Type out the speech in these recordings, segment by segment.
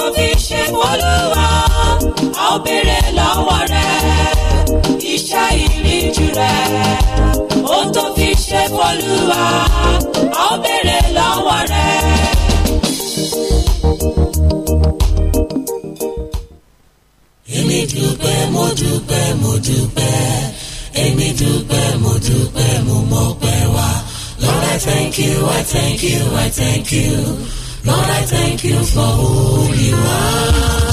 tó fi ṣe olúwa a ó béèrè lọ́wọ́ rẹ̀ iṣẹ́ ìríjú rẹ̀ ohun tó fi ṣe olúwa a ó béèrè lọ́wọ́ rẹ̀. èmi dúpẹ́ mo dúpẹ́ mo dúpẹ́ èmi dúpẹ́ mo dúpẹ́ mo mọ̀ pẹ́ wá Lord I thank you I thank you I thank you. Lord, I thank you for who you are.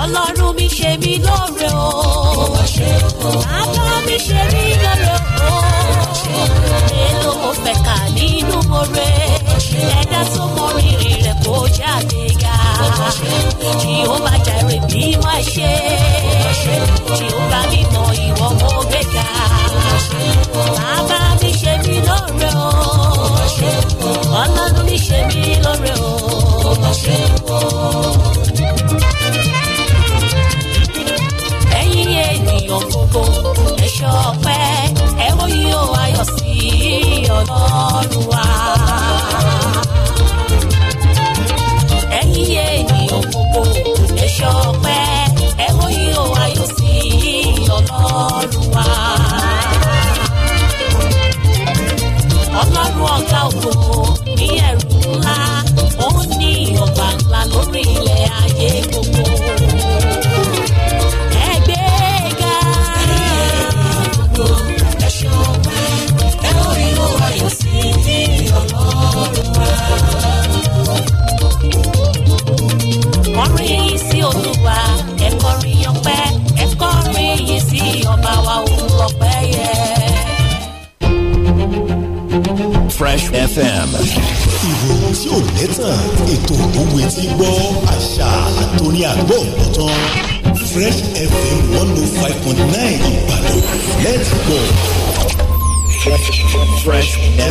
Ọlọ́run mi ṣe mí lóore o. Bàbá mi ṣe mí lóore o. Èlò mo fẹ́ kà nínú oore. Ẹ̀dá tó mọ rírì rẹ̀ kó jáde ga. Jehovah Jireh bí má ṣe mi mímọ́ ìwọ mo gbé ga bàbá mi ṣe mí lóore o ọlọ́run mi ṣe mí lóore o. ẹ̀yin ènìyàn gbogbo ẹ̀ṣọ́ ọpẹ́ ẹ̀wọ́ yìí ó ayọ̀ sí ọlọ́run wa. ọlọ́run wa. ọlọ́run ọ̀gá ògo ní ẹ̀rù ńlá ó ní ọba ńlá lórí ilẹ̀.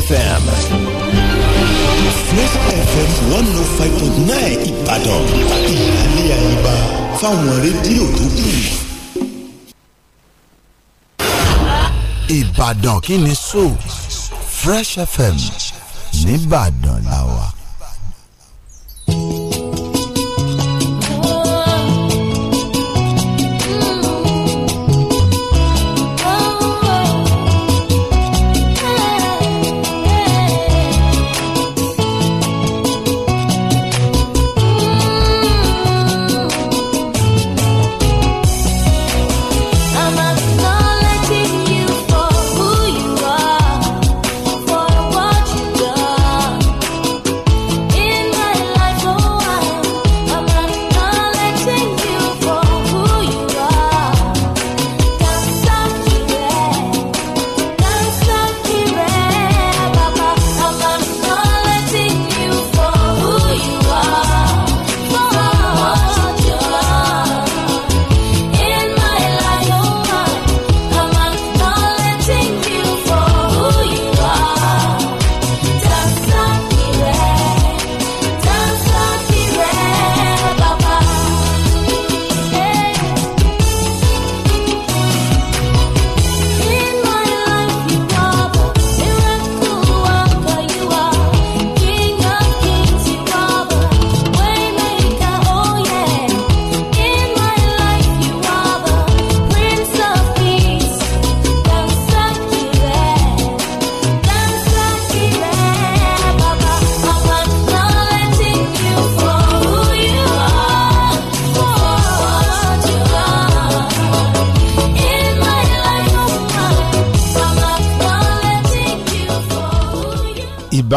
FM. Fresh FM one oh five point nine Ìbàdàn ìyáálé àyíbá fáwọn rédíò tó kù. Ìbàdàn kí ni so Fresh FM nìbàdàn.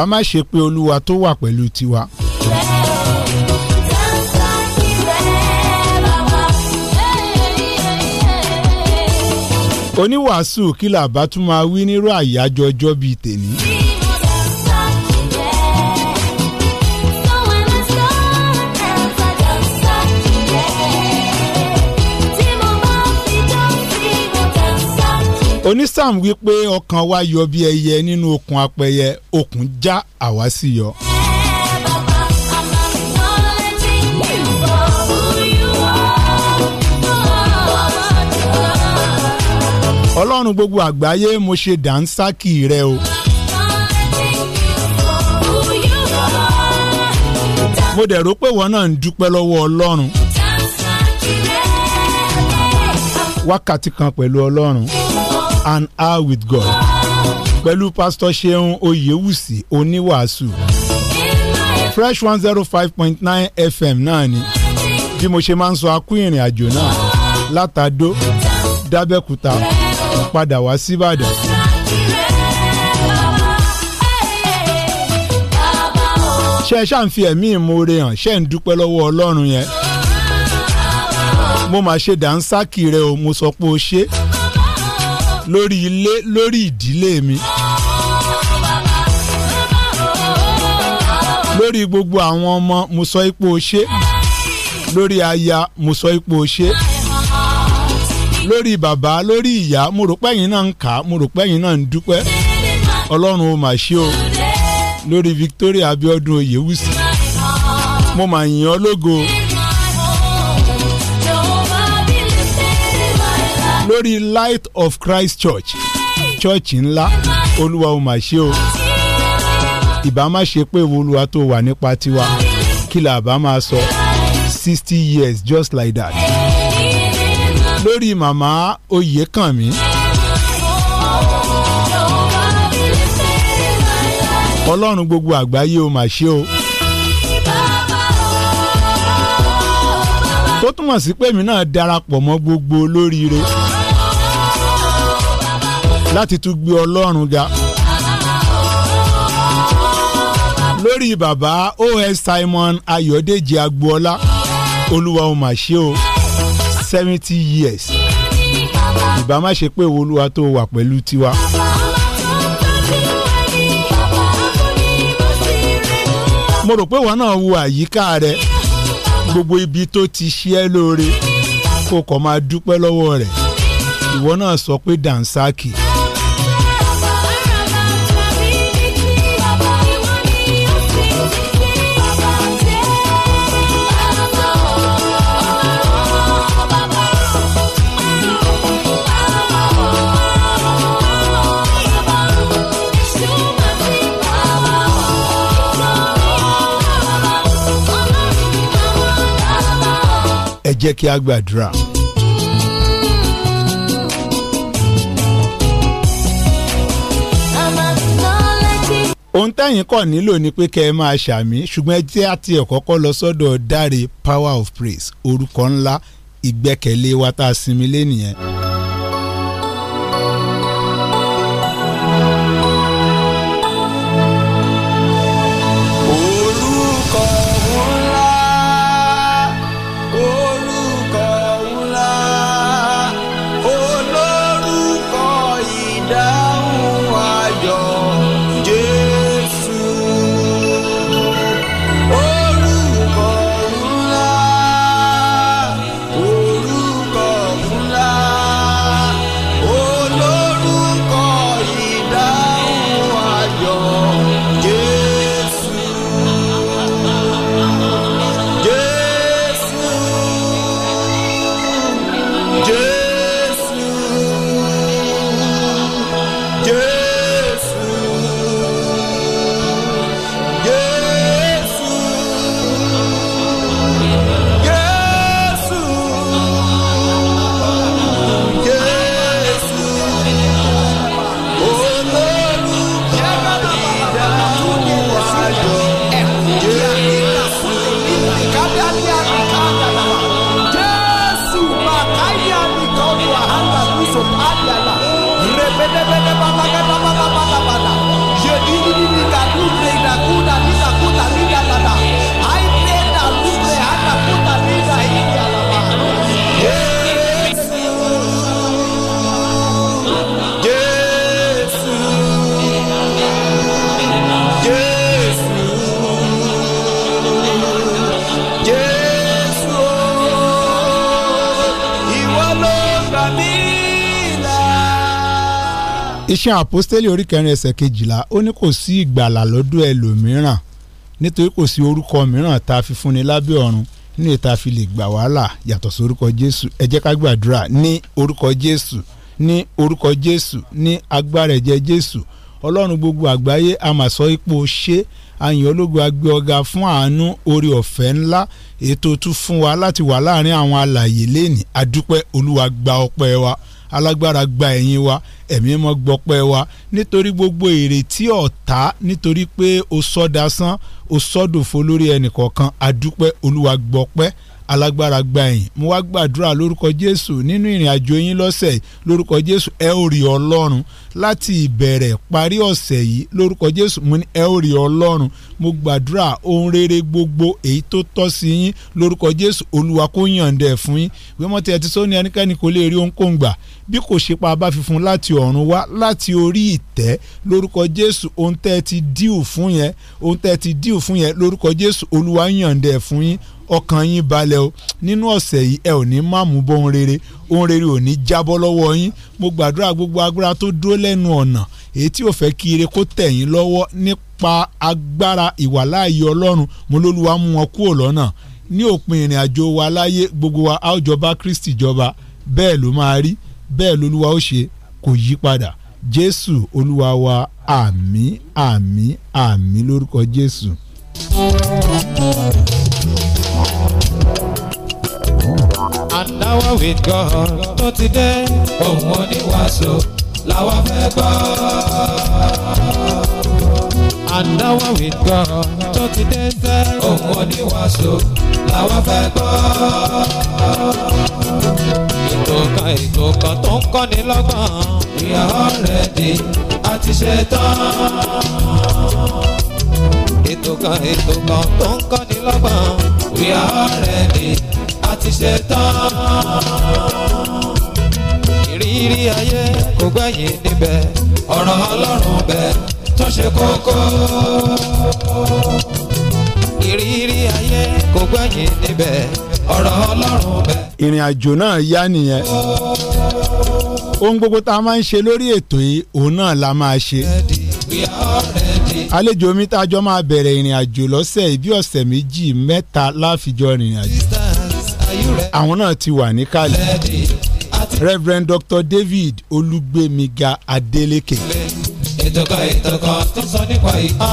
ìbá má ṣe pé olúwa tó wà pẹ̀lú tiwa. oníwàásù kí làbá tún máa wí nírú àyájọ́ ọjọ́ bíi tèmi. onísàm wípé ọkàn wa yọ bí ẹyẹ nínú okùn apẹyẹ okùn já àwa sì yọ. ọlọ́run gbogbo àgbáyé mo ṣe dànsákì rẹ o. mo dẹ̀ pé wọn náà ń dúpẹ́ lọ́wọ́ ọlọ́run wákàtí kan pẹ̀lú ọlọ́run an hour with God pẹ̀lú pásítọ̀ Ṣeun Oyèwùsì oníwàásù fresh one zero five point nine fm náà ni bí mo ṣe máa ń sọ akú ìrìn àjò náà látàdó dábẹ́kúta padà wá síbàdàn. ṣe é ṣáà ń fi ẹ̀mí ìmoore hàn ṣe ń dúpẹ́ lọ́wọ́ Ọlọ́run yẹn mo máa ṣe dànsákì rẹ o mo sọ pé o ṣe é lórí ilé lórí ìdílé mi lórí gbogbo àwọn ọmọ mo sọ ipò ṣe lórí aya mo sọ ipò ṣe lórí bàbá lórí ìyá mo rò pẹ́yìn náà ń kà á mo rò pẹ́yìn náà ń dúpẹ́ ọlọ́run ó mà ṣe o lórí Victoria Abiodun Oyewusi mo mà yìn ọ́ lógo. lórí light of christ church church ńlá olúwa ò mà ṣe o ìbá má ṣe pé olúwa tó wà nípa tiwa kí là bá máa sọ sixty years just like that lórí màmá oyèkànmí. ọlọ́run gbogbo àgbáyé o mà ṣe o. tó túmọ̀ sí pé èmi náà darapọ̀ mọ́ gbogbo olóríire láti tún gbé ọlọ́run ga. lórí bàbá os simon ayọ̀dèjì agboola olúwa ó mà ṣe o seventy years ìbá má ṣe pé olúwa tó wà pẹ̀lú tiwa. mo rò pé wọn náà wo àyíká rẹ gbogbo ibi tó ti ṣe lóore kó kọ́ máa dúpẹ́ lọ́wọ́ rẹ̀ ìwọ náà sọ pé dànsákì. jẹ́ kí a gbàdúrà. ohun táyìn kọ̀ nílò ni pé kẹ́ ẹ máa ṣàmì ṣùgbọ́n ẹ jẹ́ àti ẹ̀kọ́kọ́ lọ sọ́dọ̀ dáre power of praise orúkọ ńlá ìgbẹ́kẹ̀lé wa tá a sinmi lé nìyẹn. Mwen iṣẹ́ àpọ́stélì orí kẹrin ẹsẹ̀ kejìlá ó ní kò sí ìgbàlà lọ́dọ̀ ẹlòmíràn nítorí kò sí orúkọ mìíràn tá a fi fúnni lábẹ́ ọ̀run ní ìta fi lè gbà wàhálà yàtọ̀ sí orúkọ Jésù ẹ jẹ́ ká gbàdúrà ní orúkọ Jésù ní orúkọ Jésù ní agbára ẹ̀jẹ̀ Jésù Ọlọ́run gbogbo àgbáyé a ipò ṣe àyìn ológo agbé ọ̀gá fún àánú orí ọ̀fẹ́ ńlá ètò tún fún wa láti wà láàrin àwọn alàyè lẹ́nì adúpẹ́ Olúwa gba ọpẹ́ wa alágbára gba ẹ̀yìn wa ẹ̀mí mọ́ gbọ́pẹ́ wa nítorí gbogbo èrè tí ọ̀tá nítorí pé o sọ́dasán o sọ́dòfo lórí ẹnìkọ̀ọ̀kan adúpẹ́ olúwa gbọ́pẹ́ alágbára gba ẹ̀yìn mo wá gbàdúrà lórúkọ jésù nínú ìrìn àjò yín lọ́sẹ̀ lórúkọ jésù ẹ ó rí ọlọ́run láti ìbẹ̀rẹ̀ parí ọ̀sẹ̀ yìí lórúkọ jésù mo ní ẹ ó rí ọlọ́run mo gbàdúrà ohun rere gbogbo èyí tó tọ́ sí yín lórúkọ jésù olúwa kó yànde fún yín wíwọ́n ti ẹ̀ ti sọ́ni ẹnikẹ́ni kò lè rí ohunkóhun gbà bí kò ṣe pa abá fífún láti ọ̀run wá láti orí ìtẹ́ lórúkọ jésù ohun tẹ́ ti díù fún yẹn ohun tẹ́ ti díù fún yẹn lórúkọ jésù olúwa yànde fún yín ọkàn yín balẹ̀ o nínú ọ̀sẹ̀ yìí ẹ ò ní má mú bọ́ ohun rere ohun rere ò ní jábọ́ lọ́wọ́ yín mo gbàdúrà gbogbo agbára tó dúró lẹ́nu ọ̀nà èyí tí ò fẹ́ kí ire kó tẹ̀ yín lọ́wọ́ nípa agbára ìwàláàyè ọlọ́run mo lólúwa mú wọn kúrò lọ́nà ní òpin ìrìn àjò wa láyé gbogbo wa a ó Kristi jọba bẹ́ẹ̀ ló máa rí bẹ́ẹ̀ lolúwa ó ṣe kò yí padà Jésù olúwa wa àmì àmì àmì lórúkọ Jésù. Adáwọ̀ with God tó ti dé. Òun oníwàásù làwa fẹ́ gbọ́. Adáwọ̀ with God tó ti dé sẹ́. Òun oníwàásù làwa fẹ́ gbọ́. Ètò kan ètò kan tó ń ni lọ́gbọ̀n. We are already a ti ṣe tán. Ètò kan ètò kan tó ń kọ́ni lọ́gbọ̀n we are all ready àti ṣetán. ìrírí ayé kò gbẹ̀yìn níbẹ̀ ọ̀rọ̀ ọlọ́run bẹ̀ tó ṣe kókó. ìrírí ayé kò gbẹ̀yìn níbẹ̀ ọ̀rọ̀ ọlọ́run bẹ̀. ìrìn àjò náà yá nìyẹn ohun gbogbo tá a máa ń ṣe lórí ètò yìí òun náà la máa ṣe. we are ready àlejò mi tá a jọ máa bẹ̀rẹ̀ ìrìn àjò lọ́sẹ̀ ibi ọ̀sẹ̀ méjì mẹ́ta láfijọ́ ìrìn àjò àwọn náà ti wà níkàlẹ̀ rev dr david olùgbèmíga adeleke ìtọ́kọ ìtọ́kọ tó sọ nípa ìhà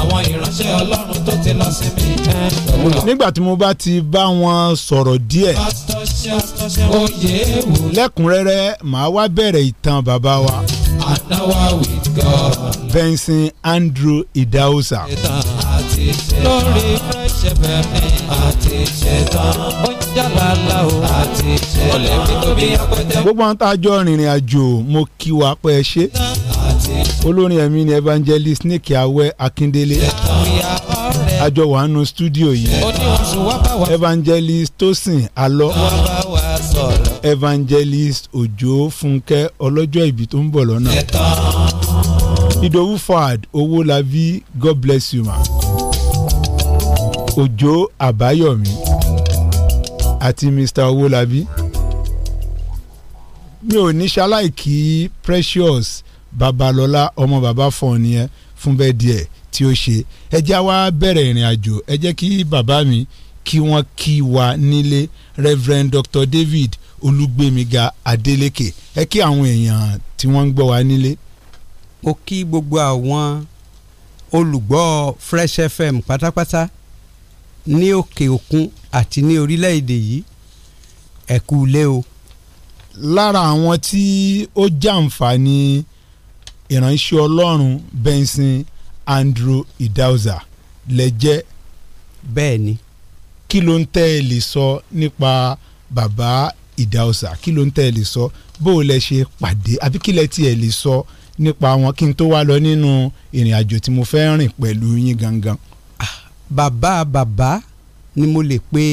àwọn ìránṣẹ́ ọlọ́run tó ti lọ sí mi. nígbà tí mo bá ti bá wọn sọ̀rọ̀ díẹ̀ lẹ́kùnrẹ́rẹ́ màá wá bẹ̀rẹ̀ ìtàn bàbá wa hour with God. Benson Andrew Idausa. gbogbo àwọn tá a jọ rìnrìn àjò mo kí wa pé ṣe olórin ẹ̀mí ni evangelist Nick Awẹ́ Akíndélé àjọ wàánu studio yìí evangelist Tosin Alọ́ sọ̀rọ̀. evangelist Ojo, funke ọlọ́jọ́ ìbí tó ń bọ̀ lọ́nà. Ìdòwú Fad Owólabí God bless you ma. Ojo Abayomi, àti Mr Owólabí. mi ò ní ṣaláìkí Precious Babalọ́lá ọmọ bàbá fọ́ọ̀n nìyẹn fún bẹ́ẹ̀ díẹ̀ tí ó ṣe ẹ já wa bẹ̀rẹ̀ ìrìn àjò ẹ jẹ́ kí bàbá mi kí wọ́n kí wa nílé Reverend Dr. David Olúgbémiga Adeleke ẹ kí àwọn èèyàn tí wọ́n ń gbọ́ wa nílé. mo kí gbogbo àwọn olùgbọ́ Fresh FM pátápátá ní òkè òkun àti ní orílẹ̀-èdè yìí ẹ kú lé o. lára àwọn tí ó jàǹfààní ìránṣẹ́ Ọlọ́run Benson Andrew Idauza lẹ jẹ́. bẹ́ẹ̀ ni kí ló ń tẹ́ ẹ lè sọ nípa bàbá ìdáọ̀sà kí ló ń tẹ́ ẹ lè sọ bó o lẹ ṣe pàdé àbí kí lẹ tiẹ̀ lè sọ nípa wọn kí n tó wá lọ nínú ìrìn àjò tí mo fẹ́ rìn pẹ̀lú yín gangan. Ah, bàbá bàbá ni mo lè pe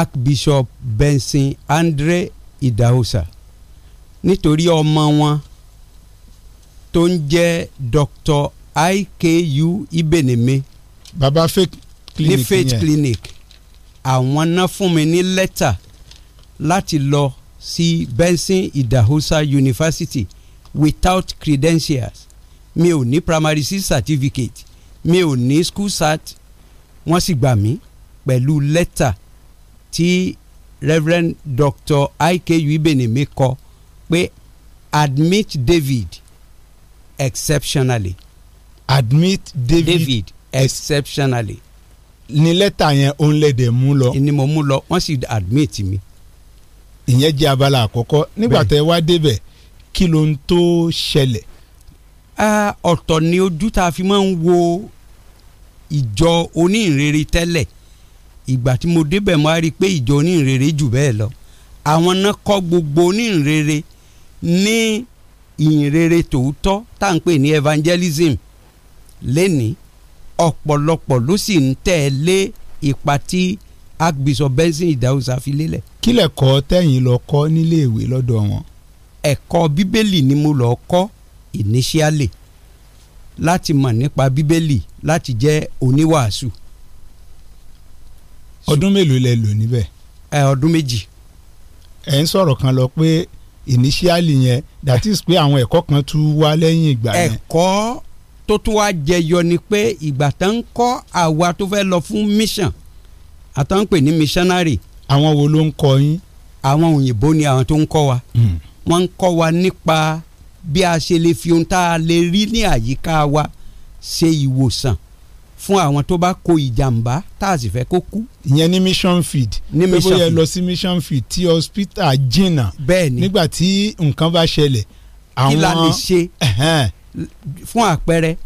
Archbishop Benson Andre Idahosa nítorí ọmọ wọn tó ń jẹ́ Dr. IKU Ibeneme. Baba fake clinic Clinic yẹn clinic àwọn náà fún mi ní lẹ́tà láti lọ sí Benson Idahosa University without credentials mi ò ní primary six certificate mi ò ní school cert wọ́n sì gbà mí pẹ̀lú lẹ́tà tí Reverend Dr. IKU Ibeneme kọ pé admit David exceptionally. admit David, David exceptionally ní lẹ́tà yẹn ó ń lẹ́dẹ̀ mú lọ. ni mo mú lọ wọ́n sì admit mi. ìyẹn jẹ́ abala àkọ́kọ́ nígbà tẹ́ wá débẹ̀ kí ló ń tó ṣẹlẹ̀. ọ̀tọ̀ ni ojú tá a fi máa ń wo ìjọ oníhìnrere tẹ́lẹ̀ ìgbà tí mo débẹ̀ mo á rí i pé ìjọ oníhìnrere jù bẹ́ẹ̀ lọ àwọn náà kọ́ gbogbo oníhìnrere ní ìhìnrere tòótọ́ tá à ń pè ní evangelism lẹ́nìí ọ̀pọ̀lọpọ̀ ló sì ń tẹ̀lé ipa tí Archbishop Benson Idahosa fi lélẹ̀. kí lẹ̀kọ́ tẹ̀yìn lọ kọ́ nílé lọ́dọ̀ wọn. ẹ̀kọ́ bíbélì ni mo lọ kọ́ initially láti mọ̀ nípa bíbélì láti jẹ́ oníwàásù. ọdún mélòó lẹ lò níbẹ̀. ẹ ọdún méjì. ẹ ń sọ̀rọ̀ kan lọ pé initially yẹn that is pé àwọn ẹ̀kọ́ kan tún wá lẹ́yìn ìgbà yẹn. ẹ̀kọ́ tó tún wá jẹyọ ni pé ìgbà tá ń kọ́ àwa tó fẹ́ lọ fún mission àtàǹpè ní missionary. àwọn wo ló ń kọ yín. àwọn òyìnbó ni àwọn tó ń kọ́ wa. Hmm. wọ́n ń kọ́ wa nípa bí a ṣe lè fi ohun tá a lè rí ní àyíká wa ṣe ìwòsàn fún àwọn tó bá kó ìjàmbá tá a sì fẹ́ kó kú. ìyẹn ní mission field ní mission field pé bóyá lọ sí mission field tí hospital jìnnà bẹ́ẹ̀ ni nígbà tí nǹkan bá ṣẹlẹ̀ kí la lè ṣe fún àpẹẹrẹ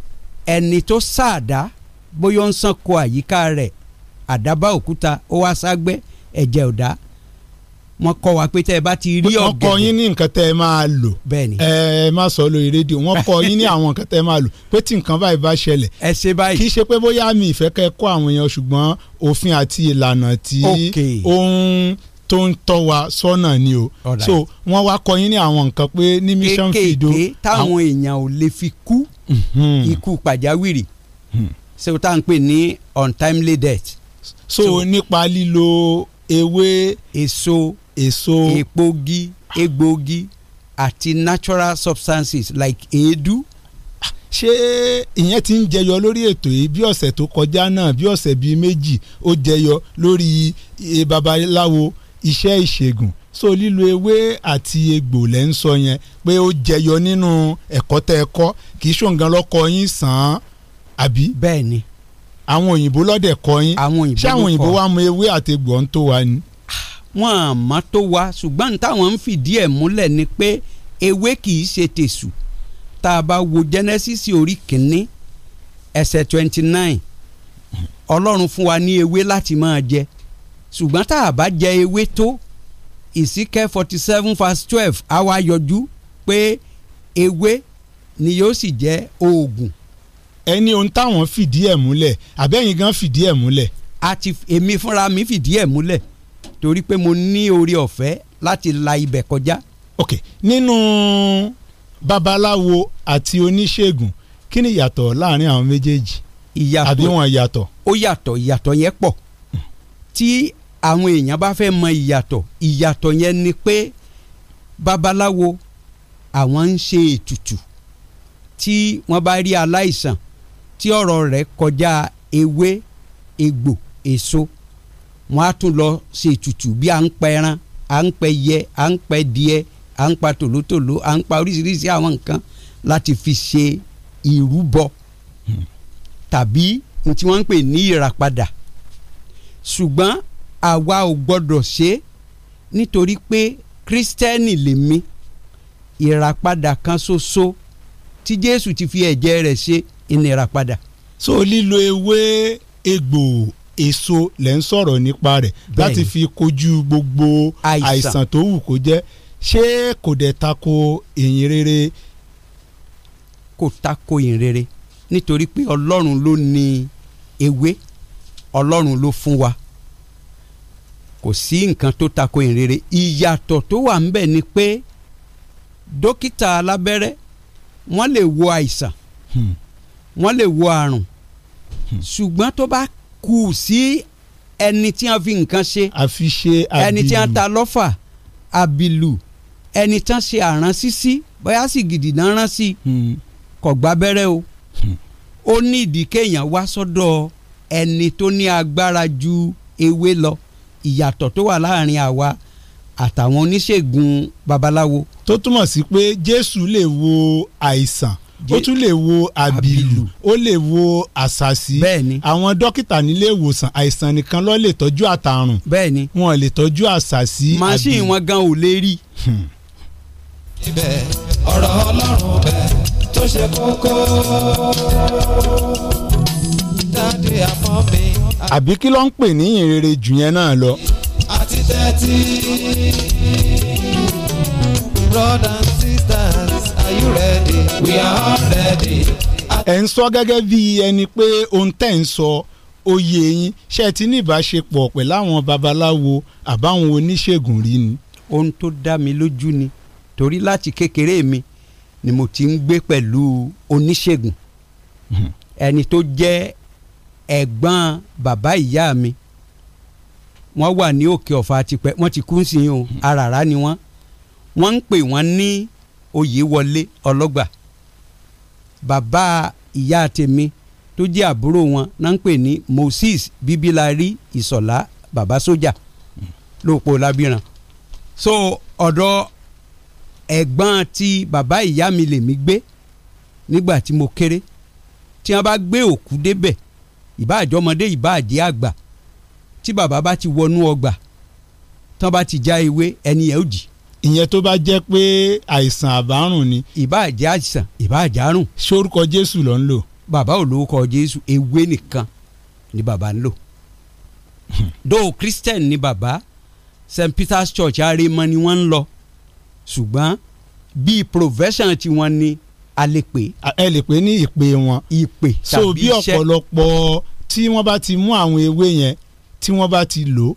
ẹni tó sáàdá bóyá ó ń sàn kó àyíká rẹ̀ àdábá òkúta ó wá ságbẹ́ ẹ̀jẹ̀ ọ̀dá wọ́n kọ́ wa pé tẹ́ ẹ bá ti rí ọ̀gẹ̀dẹ̀. wọ́n kọ́ yín ní nǹkan tẹ́ ẹ máa lò. bẹ́ẹ̀ni ẹ ẹ má sọ lórí rédíò wọ́n kọ́ yín ní àwọn nǹkan tẹ́ ẹ máa lò pé tí nǹkan báyìí bá ṣẹlẹ̀. ẹ ṣe báyìí. kì í ṣe pé bóyá mi ìfẹ́ kẹ́ kọ́ àwọn èèyàn ṣùgbọ́n òfin àti ìlànà tí ó ń tó ń tọ́ wa sọ́nà ni o so wọ́n wá kọ́ yín ní àwọn nǹkan pé ní mission fido kéékèèké táwọn èèyàn ò lè fi kú mhm. ikú pàjáwìrì ṣé hmm. o tá à pè ní untimely death. so, so nípa lílo ewé èso èso egbògi egbògi àti natural substances like èédú. ṣé ìyẹn ti ń jẹyọ lórí ètò yìí bí ọ̀sẹ̀ tó kọjá náà bí ọ̀sẹ̀ bíi méjì ó jẹyọ lórí eh, babaláwo iṣẹ́ ìṣègùn so lílo ewé àti egbò lẹ́ ń sọ yẹn pé ó jẹyọ nínú ẹ̀kọ́ tẹ́ ẹ kọ́ kì í ṣòǹgàn lọ́kọ yín sàn án àbí. bẹ́ẹ̀ ni. àwọn òyìnbó lọ́dẹ̀ kọ yín ṣé àwọn òyìnbó wa mọ ewé àti egbò ọ̀hún tó wa ni. wọn à má tó wa ṣùgbọ́n táwọn ń fìdí ẹ̀ múlẹ̀ ni pé ewé kì í ṣe tèṣù tá a bá wo Genesis orí kìíní ẹsẹ̀ twenty nine ọlọ́run fún wa ní ewé láti máa jẹ ṣùgbọ́n tá a bá jẹ ewé tó ìsíkẹ́ forty seven verse twelve á wá yọjú pé ewé ni yóò sì jẹ́ oògùn. ẹni ohun táwọn fìdí ẹ̀ múlẹ̀ àbẹ́yìn gan fìdí ẹ̀ múlẹ̀. àti èmi fúnra mi fìdí ẹ̀ múlẹ̀ torí pé mo ní oore ọ̀fẹ́ láti la ibẹ̀ kọjá. ok nínú babaláwo àti oníṣègùn kí ni ìyàtọ̀ láàrin àwọn méjèèjì. ìyàtọ̀ àbí wọn yàtọ̀. ó yàtọ̀ ìyàtọ̀ yẹn pọ̀ hmm. tí àwọn èèyàn bá fẹ́ mọ ìyàtọ̀ ìyàtọ̀ yẹn ni pé babaláwo àwọn ń ṣe ètùtù tí wọ́n bá rí aláìsàn tí ọ̀rọ̀ rẹ̀ kọjá ewé egbò èso wọ́n á tún lọ ṣe ètùtù bí à ń pẹran à ń pẹ yẹ à ń pẹ díẹ̀ à ń pa tòlótòló à ń pa oríṣiríṣi àwọn nǹkan láti fi ṣe ìrúbọ hmm. tàbí tí wọ́n ń pè ní ìràpadà ṣùgbọ́n àwa ò gbọ́dọ̀ ṣe é nítorí pé kírísítẹ́nì lèmi ìràpadà kan ṣoṣo tí jésù ti fi ẹ̀jẹ̀ rẹ̀ ṣe ìnìràpadà. so lílo ewé egbò èso lẹ́ ń sọ̀rọ̀ nípa rẹ̀ láti fi kojú gbogbo àìsàn tó wù kó jẹ́ ṣé kò dẹ̀ tako ìyìn rere. kò tako ìyìn rere nítorí pé ọlọ́run ló ní ewé ọlọ́run ló fún wa kò sí nǹkan tó tako ìrere ìyàtọ̀ tó wà ńbẹ̀ ni pé dókítà alábẹ́rẹ́ wọ́n lè wo àìsàn hmm. wọ́n lè wo àrùn hmm. ṣùgbọ́n tó bá kù sí ẹni tí wọ́n fi nǹkan ṣe ẹni tí wọ́n ta lọ́fà àbìlù ẹni tí wọ́n ṣe àránsísí bóyá sì gidi náà rán sí hmm. kò gbábẹ́rẹ́ o ó ní ìdí kéèyàn wá sọ́dọ̀ ẹni tó ní agbára ju ewé lọ ìyàtọ̀ tó wà láàrin àwa àtàwọn oníṣègùn babaláwo. tó túmọ̀ sí pé jésù lè wo àìsàn ó tún lè wo àbìlù ó lè wo àṣàṣì bẹ́ẹ̀ni àwọn dókítà nílé ìwòsàn àìsàn nìkan ló lè tọ́jú àtàrùn bẹ́ẹ̀ni wọn lè tọ́jú àṣàṣì àbìlù. màṣíìn wọn gan ò lè rí. Hmm. ibẹ̀ ọ̀rọ̀ ọlọ́run bẹ̀ tó ṣe kókó dáadé àmọ́ mi àbí kí ló ń pè ní ìrere jù yẹn náà lọ. àti tẹ́tí brothers and sisters are you ready we are all ready. ẹ ń sọ gẹ́gẹ́ bí ẹni pé ohun tẹ́ ń sọ oyè yín ṣe ti ní ìbáṣepọ̀ pẹ̀lú àwọn babaláwo àbáwọn oníṣègùn rí ni. ohun tó dá mi lójú ni torí láti kékeré mi ni mo ti ń gbé pẹ̀lú oníṣègùn hmm. ẹni tó jẹ́ ẹ̀gbọ́n bàbá ìyá mi wọ́n wà ní òkè ọ̀fà tipẹ́ wọ́n ti kú sí yín o aràrá ni wọ́n wọ́n ń pè wọ́n ní Oyèwọlé Ọlọ́gbà bàbá ìyá tèmi tó jẹ́ àbúrò wọn náà ń pè ní Moses Bíbílárí Ìsọ̀lá bàbá sójà lóòpọ̀ lábìràn so ọ̀dọ̀ ẹ̀gbọ́n ti bàbá ìyá mi lèmi gbé nígbà tí mo kéré tí wọ́n bá gbé òkú débẹ̀ ìbá àjọmọdé ìbá àjẹ àgbà tí bàbá bá ti wọnú ọgbà tán bá ti já ewé ẹni ẹ ó jì. ìyẹn tó bá jẹ́ pé àìsàn àbárùn ni. ìbá àjẹ àìsàn ìbá àjẹ àrùn. sórúkọ jésù ló ń lò. bàbá ò jésù ewé nìkan ni bàbá ń lò. dóò christian ni bàbá st peter's church aremọ ni wọ́n ń lọ ṣùgbọ́n bíi profession tiwọn ni a lè pè. ẹ lè pè ní ìpè wọn. ìpè tàbí iṣẹ́ so bí ọ̀pọ̀lọpọ̀ tí wọ́n bá ti mú àwọn ewé yẹn tí wọ́n bá ti lò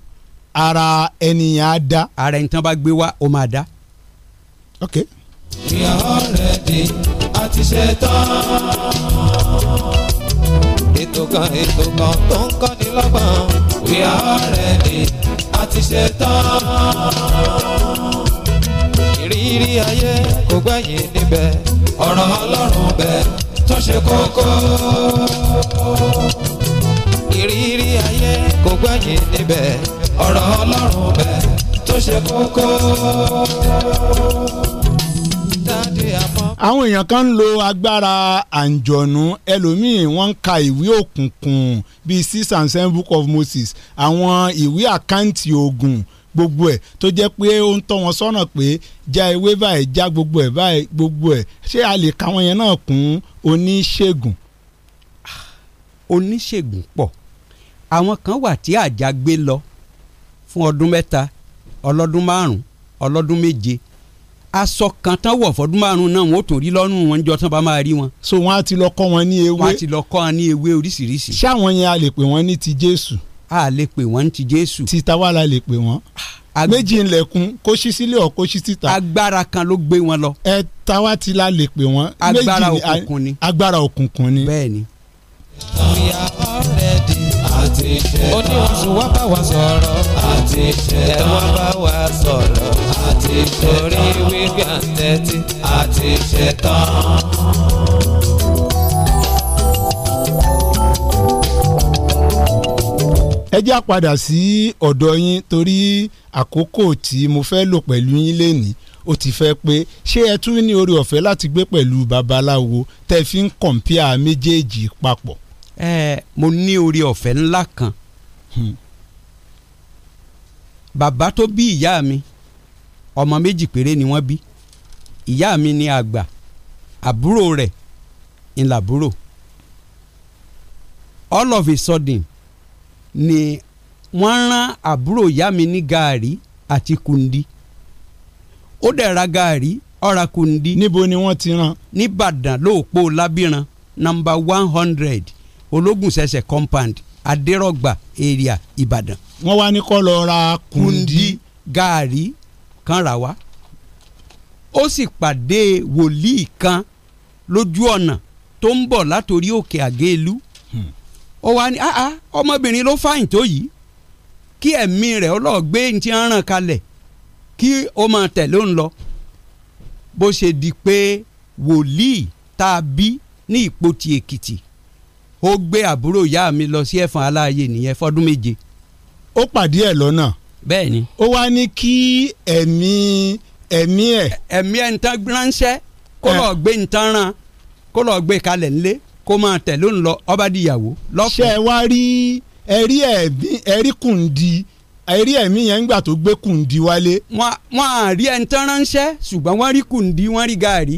ara ẹnìyàn á dá. ara ẹni tí wọ́n bá gbé wá ó máa dá. ok. ìyàwó rẹ̀ di àti ṣe tán ètò kan ètò kan tó ń kọ́ni lọ́gbọ̀n we are ready àti ṣe tán ìrírí ayé kò gbẹ̀yìn níbẹ̀ ọ̀rọ̀ ọlọ́run bẹ̀ tó ṣe kókó. ìrírí ayé kò gbẹ̀yìn níbẹ̀ ọ̀rọ̀ ọlọ́run bẹ̀ tó ṣe kókó àwọn èèyàn kan ń lo agbára àǹjọ̀nú ẹlòmíín wọ́n ń ka ìwé òkùnkùn bíi six and seven book of Moses àwọn ìwé àkáǹtì Ogun gbogbo ẹ̀ tó jẹ́ pé ó ń tọ́ wọn sọ́nà pé já ewé báyìí já gbogbo ẹ̀ báyìí gbogbo ẹ̀ ṣé a lè ka wọn yẹn náà kún oníṣègùn. oníṣègùn pọ̀ àwọn kan wà tí àjà gbé lọ fún ọdún mẹ́ta ọlọ́dún márùn-ún ọlọ́dún méje aṣọ kan tán wọ̀ fọdún márùn náà wọn ò tún rí lọ́rùn wọn jọ tán bá máa rí wọn. so wọn á ti lọ kọ́ wọn ní ewé. wọn á ti lọ kọ́ wọn ní ewé oríṣiríṣi. ṣé àwọn yẹn a lè pè wọ́n ní ti Jésù a lè pè wọ́n ti Jésù. títa wà la lè pè wọ́n ah, méjì ńlẹ̀kùn kó ṣí sílé ọ̀ kó ṣí agbára kan ló gbé wọn lọ. ẹ táwa ti la lè pè wọ́n. agbára òkùnkùn ni. agbára òkùnkùn ni. bẹ́ẹ̀ ni. ó ní oṣù wá bá wa sọ̀rọ̀ ẹ wá bá wa sọ̀rọ̀ torí wíwí àtẹ́tí àti ṣetán. ẹ já padà sí ọ̀dọ̀ yín torí àkókò tí mo fẹ́ lò pẹ̀lú yín lénìí ó ti fẹ́ pé ṣé ẹ tún ní oore ọ̀fẹ́ láti gbé pẹ̀lú babaláwo tẹ́ fi ń kọ̀ǹpìà méjèèjì papọ̀. ẹ eh, mo ní oore ọ̀fẹ́ ńlá kan hmm. bàbá tó bí ìyá mi ọmọ méjì péré ni wọ́n bí ìyá mi ni àgbà àbúrò rẹ̀ ńlàbúrò all of a sudden ni wọ́n rán àbúrò ìyá mi ní gaari àti kundi ó dẹ̀ ra gaari ọ̀ra kundi. níbo ni wọ́n ti rán. nìbàdàn lóòpó lábìrán nọ́mbà one hundred ológùnṣẹ̀ṣẹ̀ compound adérọ̀gbà area ìbàdàn. wọ́n wá ní kó lọ ra kundi. kundi gaari kan rà wá ó sì pàdé wòlíì kan lójú ọ̀nà tó ń bọ̀ látòrí òkè àgélu ó wá ní ah, ọmọbìnrin ló fàyìn tó yìí kí ẹ̀mí rẹ̀ ọlọ́ọ̀gbé ti ràn kalẹ̀ kí ó máa tẹ̀ ló ń lọ bó pé wòlíì tá ní Èkìtì ó gbé àbúrò ìyá mi lọ sí ẹ̀fọn aláàyè nìyẹn fọdún méje. ó pàdé lọ́nà. bẹ́ẹ̀ ni. ó wá ní kí ẹ̀mí ẹ̀mí ẹ̀. ẹ̀mí ẹ̀ ń tán kó gbé ń tán kó máa tẹ̀ ló ń lọ ọba díyàwó lọ́fẹ̀ẹ́. ṣé ẹ wá rí ẹ̀rí ẹ̀mí ẹ̀rí kùndì ẹ̀rí ẹ̀mí yẹn ń gbà tó gbé kùndì wálé. wọn à rí ẹni tán ránṣẹ́ ṣùgbọ́n wọ́n rí kùndì wọ́n rí gàrí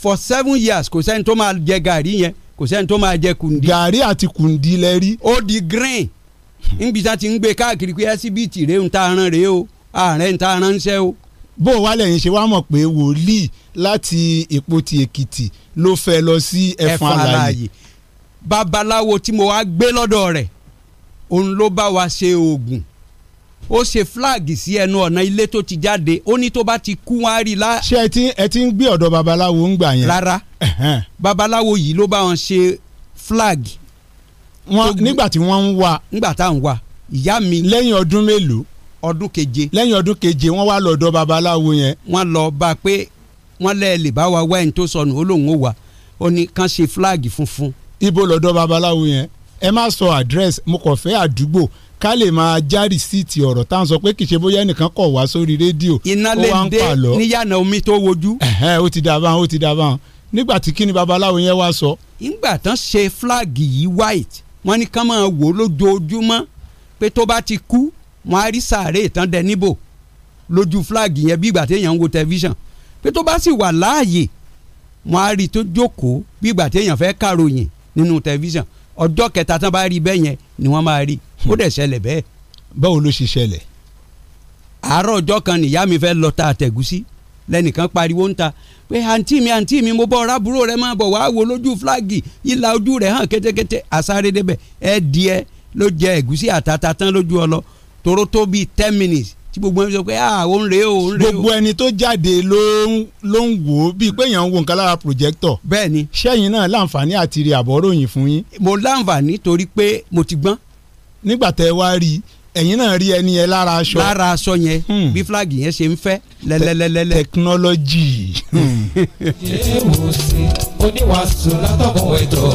for seven years kò sẹ́ni tó máa jẹ gàrí yẹn kò sẹ́ni tó máa jẹ kùndì. gàrí àti kùndì lẹ rí. ó di green níbi tá ti ń gbé káàkiri pé ẹsibítì rèé ń ta aran rèé o ààrẹ ń ta aran o bó o wá lẹ́yìn ṣe wá mọ̀ pé wòlíì láti èpo ti èkìtì ló fẹ́ lọ sí ẹ̀fọn alààyè. babaláwo tí mo wá gbé lọ́dọ̀ rẹ̀ òun ló bá wa ṣe oògùn ó ṣe fúláàgì sí ẹnu ọ̀nà ilé tó ti jáde ó ní tó bá ti kú wá rí i lá. ṣé ẹ ti ń gbé ọ̀dọ̀ babaláwo ń gbà yẹn. rárá babaláwo yìí ló bá wọn ṣe fúláàgì. nígbà tí wọ́n ń wá. nígbà tá à ń wá ìyá mi. lẹ́yìn ọdún mélòó ọdún keje. lẹ́yìn ọdún keje wọ́n wá lọ́dọ̀ babaláwo yẹn. wọ́n lọ bá a pé wọ́n lẹ́ lè bá wa wá ẹni tó sọnù ó lóun ó ní kàn ṣe fúláàgì funfun. ibo lọ́dọ̀ babaláwo yẹn ẹ má sọ àdírẹ́sì mo kàn fẹ́ àdúgbò ká lè máa já rìsíìtì ọ̀rọ̀ tá à ń sọ pé kì í ṣe bóyá ẹnìkan kọ̀ wá sórí rédíò ó wá ń pàlọ́. dé níyànà omi tó wojú. ó ti dà báwọn ó ti dà báwọn nígbà tí kíni babaláwo yẹn wá sọ. ìgbà tán ṣe fúláàgì yìí white wọ́n ní ká máa wò lójoojúmọ́ pé tó bá ti kú wọn á rí sàárè tán dẹ níbò lójú fúláàgì yẹn bí ìgbà téèyàn ń wo tẹlifíṣàn pé tó bá sì wà láàyè wọn á rí tó jókòó bí ìgbà téèyàn fẹ́ kàròyìn nínú tẹlifíṣàn ọjọ́ kẹta tán bá rí bẹ́ẹ̀ yẹn ni wọ́n máa rí ó dẹ̀ ṣẹlẹ̀ bẹ́ẹ̀. báwo ló ṣe ṣẹlẹ̀. àárọ̀ ọjọ́ kan nìyá mi fẹ́ lọ ta àtẹ̀gúsí lẹ́nìkan pariwo ń ta pé àǹtí mi àǹtí mi mo bọ́ rábúrò rẹ máa bọ̀ wá wo lójú fúláàgì ìlà ojú rẹ̀ hàn kétékété àsáré débẹ̀ ẹ díẹ̀ ló jẹ ẹ̀gúsí àtàtà tán lójú ọlọ́ọ̀ toro tó bíi ten minutes tí gbogbo ẹni sọ pé ah òun rèé o òun rèé o. gbogbo ẹni tó jáde ló ń ló ń wò ó bíi pé èèyàn ń wo nǹkan lára projector. bẹ́ẹ̀ni. sẹ́yìn náà láǹfààní àti rí àbọ̀ròyìn fún yín. mo láǹfààní torí pé mo ti gbọ́n. nígbà tẹ́ ẹ wá rí i ẹ̀yin náà rí ẹni yẹn lára aṣọ. lára aṣọ yẹn hmm. bí flag yẹn ṣe ń fẹ́ lẹ́lẹ́lẹ́lẹ́. technology. yéèwò hmm. sí oníwàásù látọkùn ètò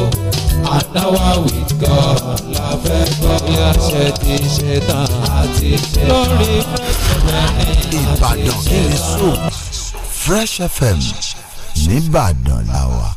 àdáwà with God gbọ́ bí a ṣe ti ṣe tán àti ṣe tán. lórí Ìbàdàn kí ni Fresh FM nìbàdàn làwà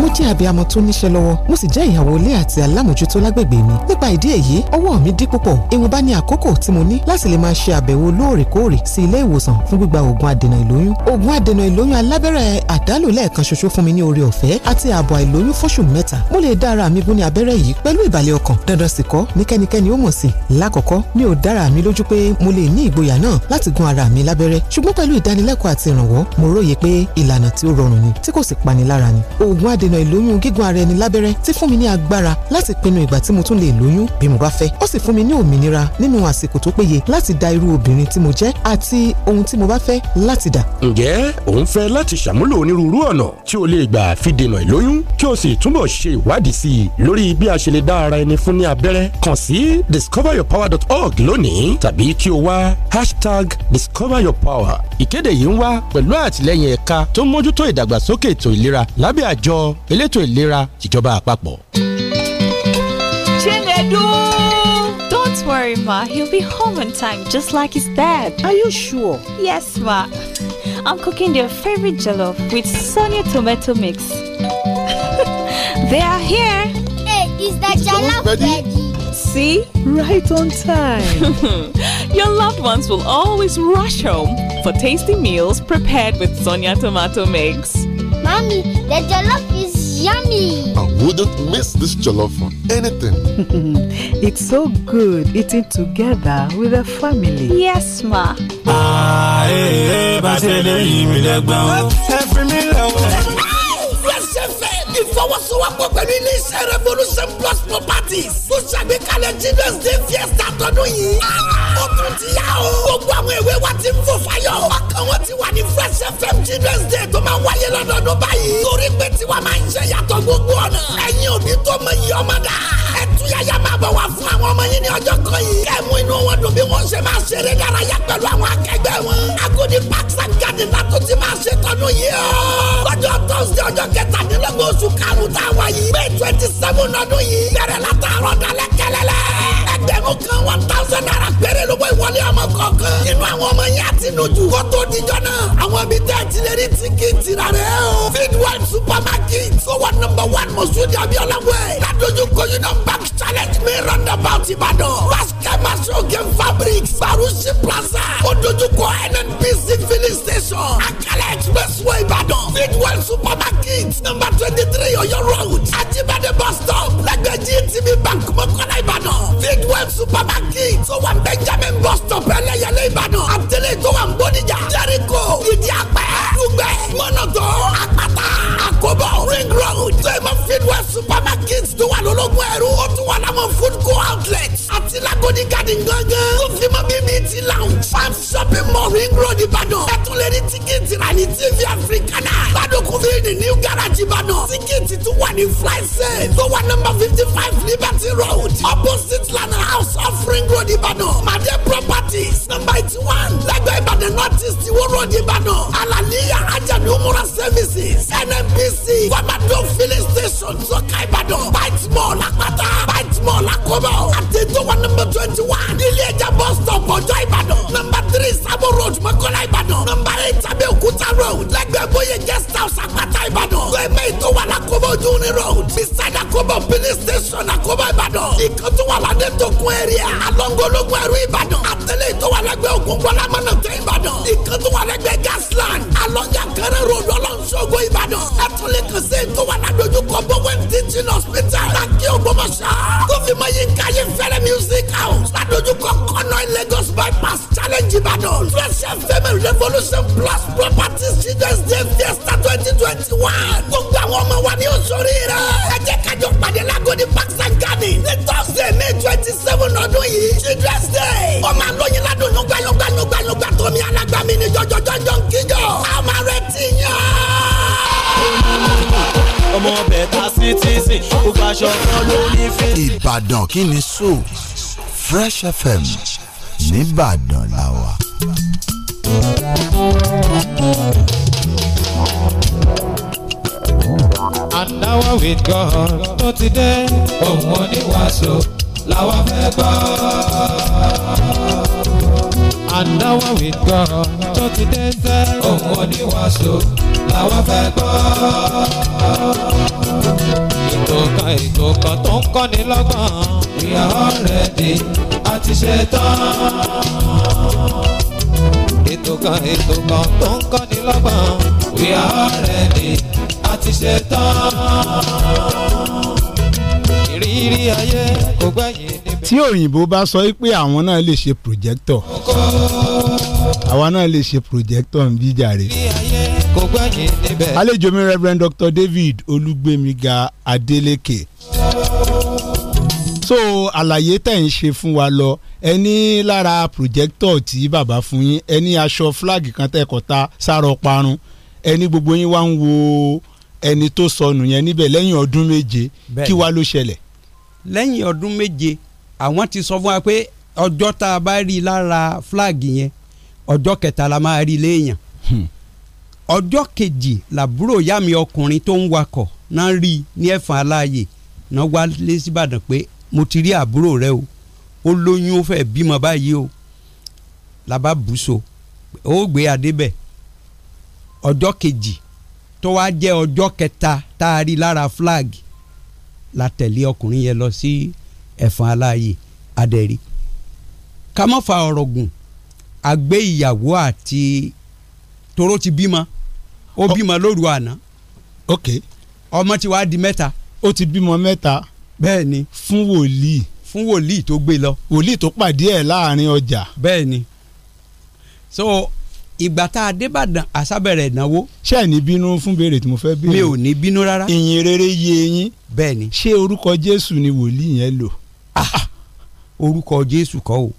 mo jẹ́ abiyamọ tó níṣẹ́ lọ́wọ́ mo sì jẹ́ ìyàwó ilé àti alámòjútó lágbègbè mi nípa ìdí èyí ọwọ́ mi dí púpọ̀ ìwọ̀nba ni àkókò tí mo ní láti lè máa ṣe àbẹ̀wò lóòrèkóòrè sí ilé ìwòsàn fún gbígba oògùn adènà ìlóyún oògùn adènà ìlóyún alábẹ́rẹ́ àdálò lẹ́ẹ̀kan ṣoṣo fún mi ní oore ọ̀fẹ́ àti ààbò àìlóyún fóṣù mẹ́ta mo lè dá ara mi gún ní abẹ́rẹ́ yìí pẹ̀lú ìbàlẹ̀ ọkàn dandan sì kọ́ ní kẹ́nikẹ́ni ó mọ̀ sí lákọ̀ọ́kọ́ mi ò dára mi lójú pé mo lè ní ìgboyà náà láti gún ara mi lábẹ́rẹ́ ṣùgbọ́n pẹ̀lú ìdánilẹ́kọ̀ọ́ àti ìrànwọ́ mo róye pé ìlànà tí ó rọrùn ni tí kò sì pani lára ni oògùn adènà ìdènà ìlóyún gígùn ara ẹni lábẹ́rẹ́ ti fún mi ní agbára láti pinnu ìgbà tí mo tún lè lóyún bí mo bá fẹ́ ó sì fún mi ní òmìnira nínú àsìkò tó péye láti da irú obìnrin tí mo jẹ́ àti ohun tí mo bá fẹ́ láti dà. ǹjẹ́ ò ń fẹ́ láti ṣàmúlò onírúurú ọ̀nà tí o lè gbà fi dènà ìlóyún kí o sì túbọ̀ ṣe ìwádìí sí i lórí bí a ṣe lè dá ara ẹni fún ní abẹ́rẹ́ kàn sí discoveryourpower.org lónìí tàbí kí o wá hashtag discoveryourpower ìkéde yìí ń wá pẹ̀lú àtìlẹ́yìn ẹ̀ka tó mójútó ìdàgbàsókè ètò ìlera lábẹ́ àjọ elétò ìlera ìjọba àpapọ̀. Chinedu. Don't worry, Ma. He'll be home on time, just like his dad. Are you sure? Yes, Ma. I'm cooking their favorite jollof with Sonia tomato mix. they are here. Hey, is the jollof ready? See? Right on time. Your loved ones will always rush home for tasty meals prepared with Sonia tomato mix. Mommy, the jollof is yummy. I wouldn't miss this jollof for anything. it's so good eating together with a family. Yes, ma. Ah, Every eh, eh, meal ìfọwọ́sowọ́pọ̀ pẹ̀lú iléeṣẹ́ revolution plus properties tó ṣàgbékalẹ̀ children's day fiesta tọdún yìí. ó tún ti yá o. gbogbo àwọn èwe wa ti ń fò fáyọ̀. ọkàn wọn ti wà ní fresh fm children's day tó máa wáyé lọ́dọọdún báyìí. torí pé tiwa máa ń ṣe yàtọ̀ gbogbo ọ̀nà. ẹ̀yin òbí tó mọ iye ọmọ dà. ẹ ayẹyẹ máa bọ̀ wá fún àwọn ọmọ yín ní ọjọ́ kan yìí. kẹ́mú inú wọn dùn bí wọ́n ṣe máa ṣeré dárayá pẹ̀lú àwọn akẹgbẹ́ wọn. Agodi parks and gardens láti ti máa ṣe tọ́nu yìí ọ́. lọ́jọ́ tọ́sídẹ̀ẹ́ ọjọ́ kẹtàdínlọ́gbọ̀n oṣù karùn-ún táwa yìí. May twenty seven ọdún yìí. bẹ̀rẹ̀ látàárọ̀ dalẹ́ kẹlẹ́lẹ́ ẹgbẹ̀rún kan one thousand naira péré lówó ìwọlé ọmọ kọ̀ọ̀kan nínú àwọn ọmọ yẹn àti nojú kó tó dijọ́ náà àwọn ibi tẹ́ ẹ ti lè rí tíkìtì rà rẹ̀ o feedwell supermarket sọwọ́ nọmba one mọ̀súdì abiyọ̀láwẹ̀ ladojú kojú náà bank challenge mi roundabout ìbàdàn basket machine game fabric barusi plaza odojúkọ nnpc filling station akala expressway ìbàdàn feedwell supermarket nọmba twenty three ọ̀yọ́ road ajibade bus stop lẹ́gbẹ̀ẹ́ gtb bank mọ́kànlá ìbàdàn feedwell web supermarket tó wà benjamin bus stop ẹlẹ́yẹlé ìbàdàn àtẹlẹ́ tó wà nbọ́díjà jẹ́ríkò ìdí àpẹ́ dùgbẹ́ mọ́nàtọ́ àpáta Akobo, ring road tẹ́mọ̀ feed web supermarket tó wà lọ́lọ́gbọ̀n ẹ̀rú ó tún wà láwọn food co outlet àti lagodi garden gangan tó fi mọ́ bíbí ti lounge farm shopping mall ring road ìbàdàn ẹ̀tún lè rí tíkẹ́ẹ̀tì rà ní tv africa náà gbàdókòfin ní new garage ìbàdàn tíkẹ́ẹ̀tì tún wà ní fly sale tó wà number fifty five liberty road opposite lana house offering road Ìbàdàn Màdé properties number eighty one lẹ́gbẹ̀ẹ́ Ìbàdàn north east Ìwó road Ìbàdàn Alaniya Ajani Umura services NNPC Wamado filling station Sọ́ka Ìbàdàn Bite mall Àpáta Bite mall Àkóbọ̀ àti tó number twenty one nílé ẹja bus stop ọjọ́ Ìbàdàn number three Sabo road Mọ́kọ́lá Ìbàdàn number eight Abẹ́òkúta road lẹ́gbẹ̀ẹ́ Bóyè guest house Àpáta Ìbàdàn gbẹ̀mẹ́ ìtọ́wà Àkóbọ̀ Junior road beside Àkóbọ̀ filling station Àkóbọ̀ Ìbàdàn ìkàtúwà Ládẹ́tò ògùn area alongologun ẹrú ìbàdàn àtẹlẹ tó wà lẹ́gbẹ̀ẹ́ ògùn bọlá tẹ ìbàdàn ìkan tó wà lẹ́gbẹ̀ẹ́ gasland alọjà kẹrẹ ròdù ọlọ́nṣogo ìbàdàn ẹtùlẹ̀ kan sí tó wà ládojúkọ bọ́wẹ́ teaching hospital láti ògbómọ̀ṣọ́ tó yín ká yín fẹ́rẹ́ music house ládojúkọ kọ́nà lagos bypass challenge ìbàdàn fresh fm revolution plus properties children's day fiesta twenty twenty one gbogbo àwọn ọmọ wa ni ó sori rẹ ẹ jẹ́ kájọ pàdé lágọ́dí park sangani ní thursday may twenty six seven ọdún yìí children's day. ó máa lóyin ládùn lùgbàlùgbàlùgbàlùgbà tó mi alágbàmí ni jọjọjọjọ ń kíjọ. a máa retí yàn ọmọ bẹ̀ẹ̀ta citizen kò gbaṣọ kan ló ní fi. ìbàdàn kí ni so fresh fm nìbàdàn la wà. and now with God tó ti dé òun oníwàásù làwa fẹ́ gbọ́. And now we go tó ti dé sẹ́. Òun oníwàásù làwa fẹ́ gbọ́. Ètò kan ètò kan tó ń kọ́ni lọ́gbọ̀n. We are already a ti ṣe tán. Ètò kan ètò kan tó ń kọ́ni lọ́gbọ̀n. We are already a ti ṣe tán ìrírí ayé kò gbẹ̀yìn níbẹ̀. tí òyìnbó bá sọ pé àwọn náà lè ṣe projector àwa náà lè ṣe projector ń bí jàre. kò mi Reverend Dr. David Olúgbémiga Adeleke so àlàyé tẹ̀ ń ṣe fún wa lọ ẹ lára projector tí bàbá fún yín ẹ ní aṣọ flag kan tẹ́kọ̀ ta sáró parun ẹ ní gbogbo yín wá ń wo ẹni tó sọnù yẹn níbẹ̀ lẹ́yìn ọdún méje kí wá ló ṣẹlẹ̀ lẹ́yìn ọdún méje àwọn ti sọ fún wa pé ọjọ́ tá a bá rí i lára flag yẹn ọjọ́ kẹta la máa rí i léèyàn hmm. ọjọ́ kejì làbúrò ìyá mi ọkùnrin tó ń wakọ̀ náà rí i ní ẹ̀fọn aláàyè náà wálé síbàdàn pé mo ti rí àbúrò rẹ o ó lóyún ó fẹ́ bímọ báyìí o làbá bùsọ ó gbé adé ọjọ́ kejì tó wá jẹ́ ọjọ́ kẹta tá a rí lára flag la tẹ̀lé ọkùnrin yẹn lọ sí ẹ̀fọn aláàyè adẹ́rì ká má fa ọ̀rọ̀ gùn àgbé ìyàwó àti toró ti bímọ ó bímọ lóru àná ọmọ ti wá di mẹ́ta. ó ti bímọ mẹ́ta. bẹ́ẹ̀ni. fún wòlíì. fún wòlíì tó gbé lọ. wòlíì tó pàdé ẹ̀ láàrin ọjà. bẹ́ẹ̀ni so ìgbà tá a débàdàn àṣàbẹ̀rẹ̀ ìnáwó. ṣé ẹ ní bínú fún béèrè tí mo fẹ́ béèrè. mi ò ní bínú rárá. ìyìn rere yé yín. bẹ́ẹ̀ni. ṣé orúkọ jésù ni wòlíì yẹn lò. Ah, ah. orúkọ jésù kọ́ o.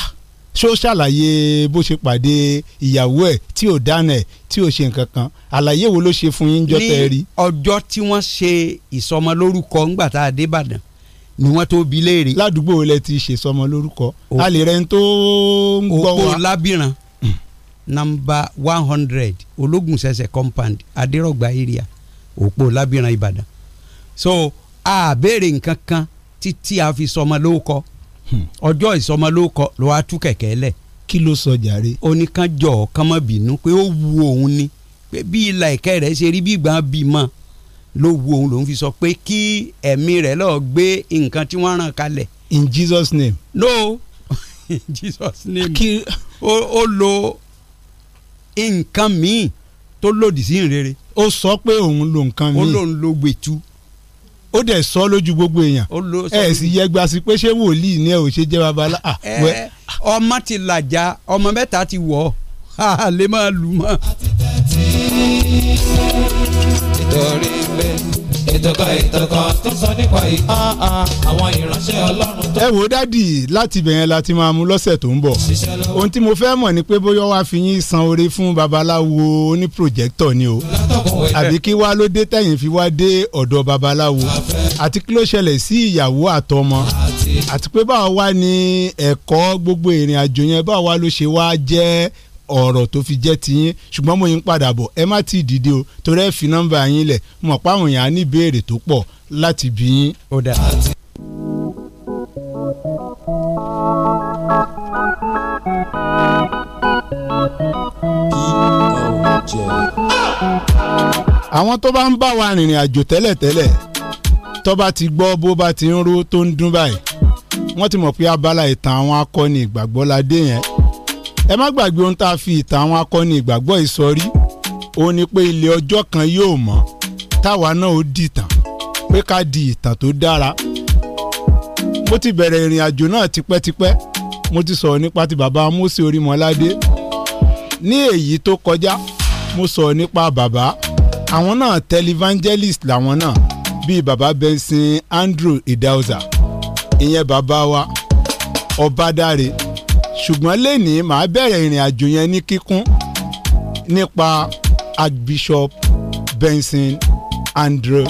Ah, ṣó ṣàlàyé bó ṣe pàdé ìyàwó ẹ̀ tí ò dáná ẹ̀ tí ò ṣe nǹkan kan àlàyé wo ló ṣe fún yín jọ tẹ́ rí. ní ọjọ́ tí wọ́n ṣe ìsọmọlórúkọ ńgbà tá a débàdàn ni wọ́n tó bi léèrè. ládùúgbò lẹ ti ṣèsọmọ lórúkọ. a rẹ ń tó ń gbọ́ wa. òpó lábìrán nọ́mbà one hundred ológunṣẹ̀ṣẹ̀ compound adérọ̀gbà area òpó lábìrán ìbàdàn so a béèrè nǹkan kan títí a fi sọmọ lóko hmm. ọjọ́ ìsọmọ lóko ló wá tú kẹ̀kẹ́ lẹ̀. kí ló sọ jàre. oníkanjọ kan mọ bínú pé ó wu òun ni pé bí ilà ẹ̀kẹ́ rẹ̀ ṣe rí bí gbọ́n bí mọ́ ló wu òun lòun fi sọ pé kí ẹ̀mí rẹ̀ lọ́ọ́ gbé nǹkan tí wọ́n ràn kalẹ̀. in Jesus name. no in Jesus name. kí o, o lo nǹkan míì tó lòdì sí ìrere. ó sọ pé òun lo nǹkan míì. ó lóun lo gbẹ̀tú. ó dẹ̀ sọ lójú gbogbo èèyàn. ó lo sọ ẹ sì yẹgba sí pé ṣé wòlíì ni ẹ ò ṣe jẹ́ babalá. ẹ ọmọ ti làjà ọmọ mẹ́ta ti wọ̀ ọ́ lè máa lù mọ́. àti tẹ́tí nítorí bẹ́ẹ̀ ìtọ́kọ̀ ìtọ́kọ̀ tó sọ nípa ìgbà àwọn ìránṣẹ́ ọlọ́run tó. ẹ wo dádì láti bẹ̀yẹn la ti máa mú lọ́sẹ̀ tó ń bọ̀ ohun tí mo fẹ́ mọ̀ ni pé bóyá wàá fi yín san oore fún babaláwo oníprojẹ́tọ̀ ni o àbí kí wàá ló dé tẹ̀yìn fi wá dé ọ̀dọ̀ babaláwo àti kí ló ṣẹlẹ̀ sí ìyàwó àtọmọ àti pé báwo wá ní ẹ̀kọ́ gbogbo ìrìn àjò yẹn báwo ló ṣe wá jẹ́ ọ̀rọ̀ tó fi jẹ́ tiyín ṣùgbọ́n mo yín padà bọ̀ ẹ má ti dìde o torí ẹ fi nọ́mbà yín lẹ̀ mọ̀ páwọn èèyàn á ní ìbéèrè tó pọ̀ láti bí yín. àwọn tó bá ń bá wa rìnrìn àjò tẹ́lẹ̀tẹ́lẹ̀ tó bá ti gbọ́ bó bá ti ń ró tó ń dún báyìí wọ́n ti mọ̀ pé abala ìtàn àwọn akọni ìgbàgbọ́ la dé yẹn ẹ má gbàgbé ohun tá a fi ìtàn àwọn akọni ìgbàgbọ́ ìsọrí òun ni pé ilé ọjọ́ kan yóò mọ́ táwa náà ó di ìtàn pé ká di ìtàn tó dára mo ti bẹ̀rẹ̀ ìrìn àjò náà tipẹ́tipẹ́ mo ti sọ̀rọ̀ nípa ti bàbá Mósè Orímọládé ní èyí tó kọjá mo sọ̀rọ̀ nípa bàbá àwọn náà televangelist làwọn náà bíi bàbá Benson Andrew Idahosa ìyẹn bàbá wa Ọbádáre ṣùgbọ́n lẹ́nìí màá bẹ̀rẹ̀ ìrìn àjò yẹn ní kíkún nípa Archbishop Benson Andrew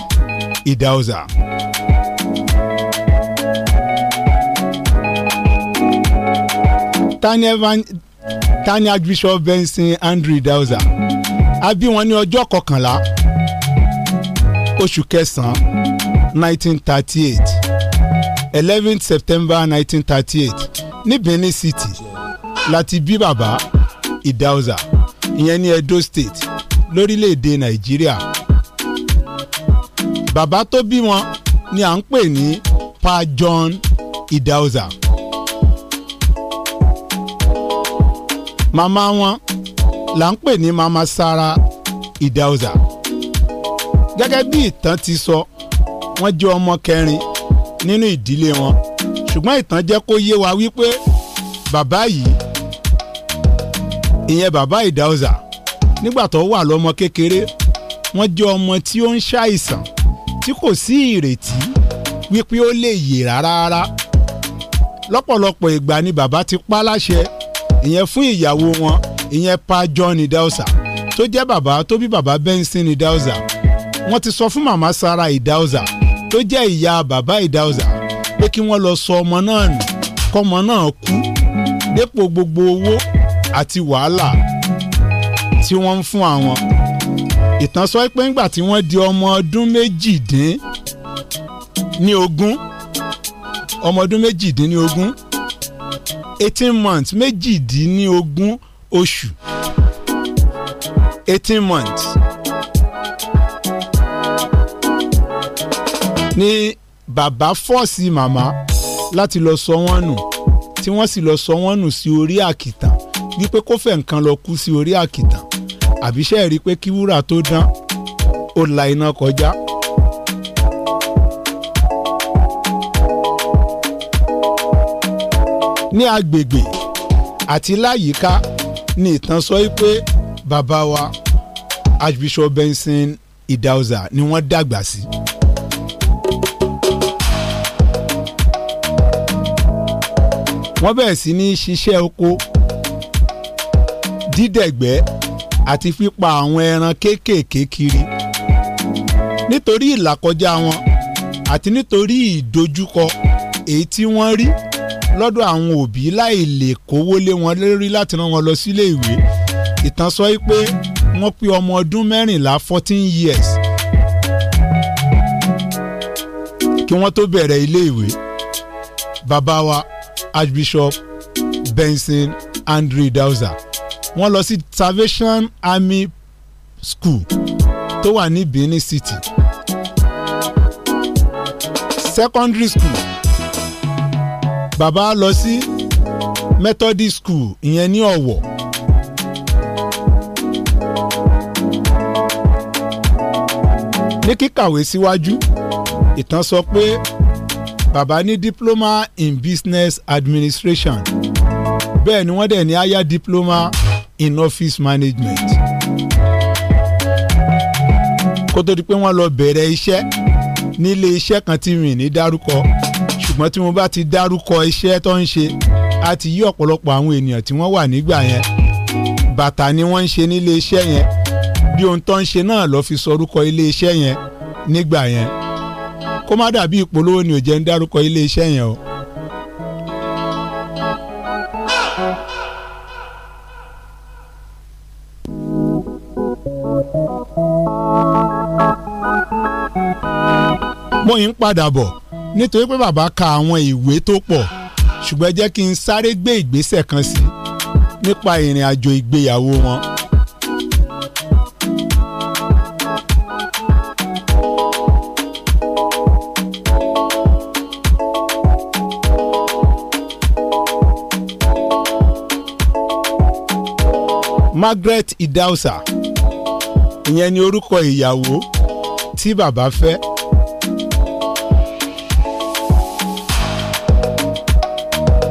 Idahosa. tani Archbishop Benson Andrew Idahosa a bí wọn ní ọjọ́ kọkànlá oṣù kẹsàn-án nineteen thirty eight Eleven september nineteen thirty eight ní benin city láti bí bàbá ìdáhùsà ìyẹn ní edo state lórílẹ̀‐èdè nàìjíríà bàbá tó bí wọn ni à ń pè ní pa john ìdáhùsà màmá wọn là ń pè ní mama sara ìdáhùsà gẹ́gẹ́ bí ìtàn ti sọ wọ́n jẹ́ ọmọ kẹrin nínú ìdílé wọn ṣùgbọ́n ìtàn jẹ́ kó yé wa wípé bàbá yìí ìyẹn bàbá ìdáhùsà nígbà tó wà lọ́mọ kékeré wọ́n jẹ́ ọmọ tí ó ń ṣàìsàn tí kò sí ìrètí wípé ó lè yè rárá lọ́pọ̀lọpọ̀ ìgbà ni bàbá ti pa láṣẹ ìyẹn fún ìyàwó wọn ìyẹn pa John ìdáhùsà tó jẹ́ bàbá tó bí bàbá Benson ìdáhùsà wọ́n ti sọ fún màmá Sarah ìdáhùsà tó jẹ́ ìyá bàbá ìdáwùsà pé kí wọ́n lọ sọ ọmọ náà nù kọ́mọ náà kú dépò gbogbo owó àti wàhálà tí wọ́n ń fún àwọn. ìtàn sọ pé ńgbà tí wọ́n di ọmọ ọdún méjìdín ní ogún ọmọ ọdún méjìdín ní ogún eighteen months méjìdínlógún oṣù eighteen months Ni bàbá fọ́ọ̀sì màmá láti lọ sọ wọ́n nù tí wọ́n sì lọ sọ wọ́n nù sí orí àkìtàn wípé kó fẹ́ nǹkan lọ kú sí orí àkìtàn àbíṣẹ́ rí pé kí wúrà tó dán ó la iná kọjá. ní agbègbè àti láyìíká ni ìtàn sọ pé bàbá wa Archbishop Benson idauza ni wọ́n dàgbà sí. Si wọ́n bẹ̀rẹ̀ sí ní ṣiṣẹ́ oko dídẹ̀gbẹ́ àti pípa àwọn ẹran kéékèèké kiri nítorí ìlàkọjá wọn àti nítorí ìdojúkọ èyí tí wọ́n rí lọ́dọ̀ àwọn òbí láì lè kówó lé wọn lórí láti rán wọn lọ sílé ìwé ìtàn sọ pé wọ́n pé ọmọ ọdún mẹ́rìnlá fourteen years kí wọ́n tó bẹ̀rẹ̀ ilé ìwé bàbá wa Archbishop Benson Andrew Dauza wọ́n lọ sí Salvation Army School tó wà ní Benin City secondary school bàbá lọ sí Methodist school ìyẹn ní Ọ̀wọ̀ ní kíkàwé síwájú ìtàn sọ pé bàbá ní diploma in business administration bẹ́ẹ̀ ni wọ́n dẹ̀ ní higher diploma in office management kó tó di pé wọ́n lọ bẹ̀rẹ̀ iṣẹ́ nílé iṣẹ́ kan tí mi ní dárúkọ ṣùgbọ́n tí mo bá ti dárúkọ iṣẹ́ tó ń ṣe a ti yí ọ̀pọ̀lọpọ̀ àwọn ènìyàn tí wọ́n wà nígbà yẹn bàtà ni wọ́n ń ṣe nílé iṣẹ́ yẹn bí ohun tó ń ṣe náà lọ́ fi sọ orúkọ ilé iṣẹ́ yẹn nígbà yẹn kó má dàbí ìpolówó ni ò jẹ́ ń dárúkọ iléeṣẹ́ yẹn o. mo yín padà bọ̀ nítorí pé bàbá ka àwọn ìwé tó pọ̀ ṣùgbọ́n jẹ́ kí n sáré gbé ìgbésẹ̀ kan sí nípa ìrìn àjò ìgbéyàwó wọn. Margaret Idausa ìyẹn ni orúkọ ìyàwó tí bàbá fẹ́.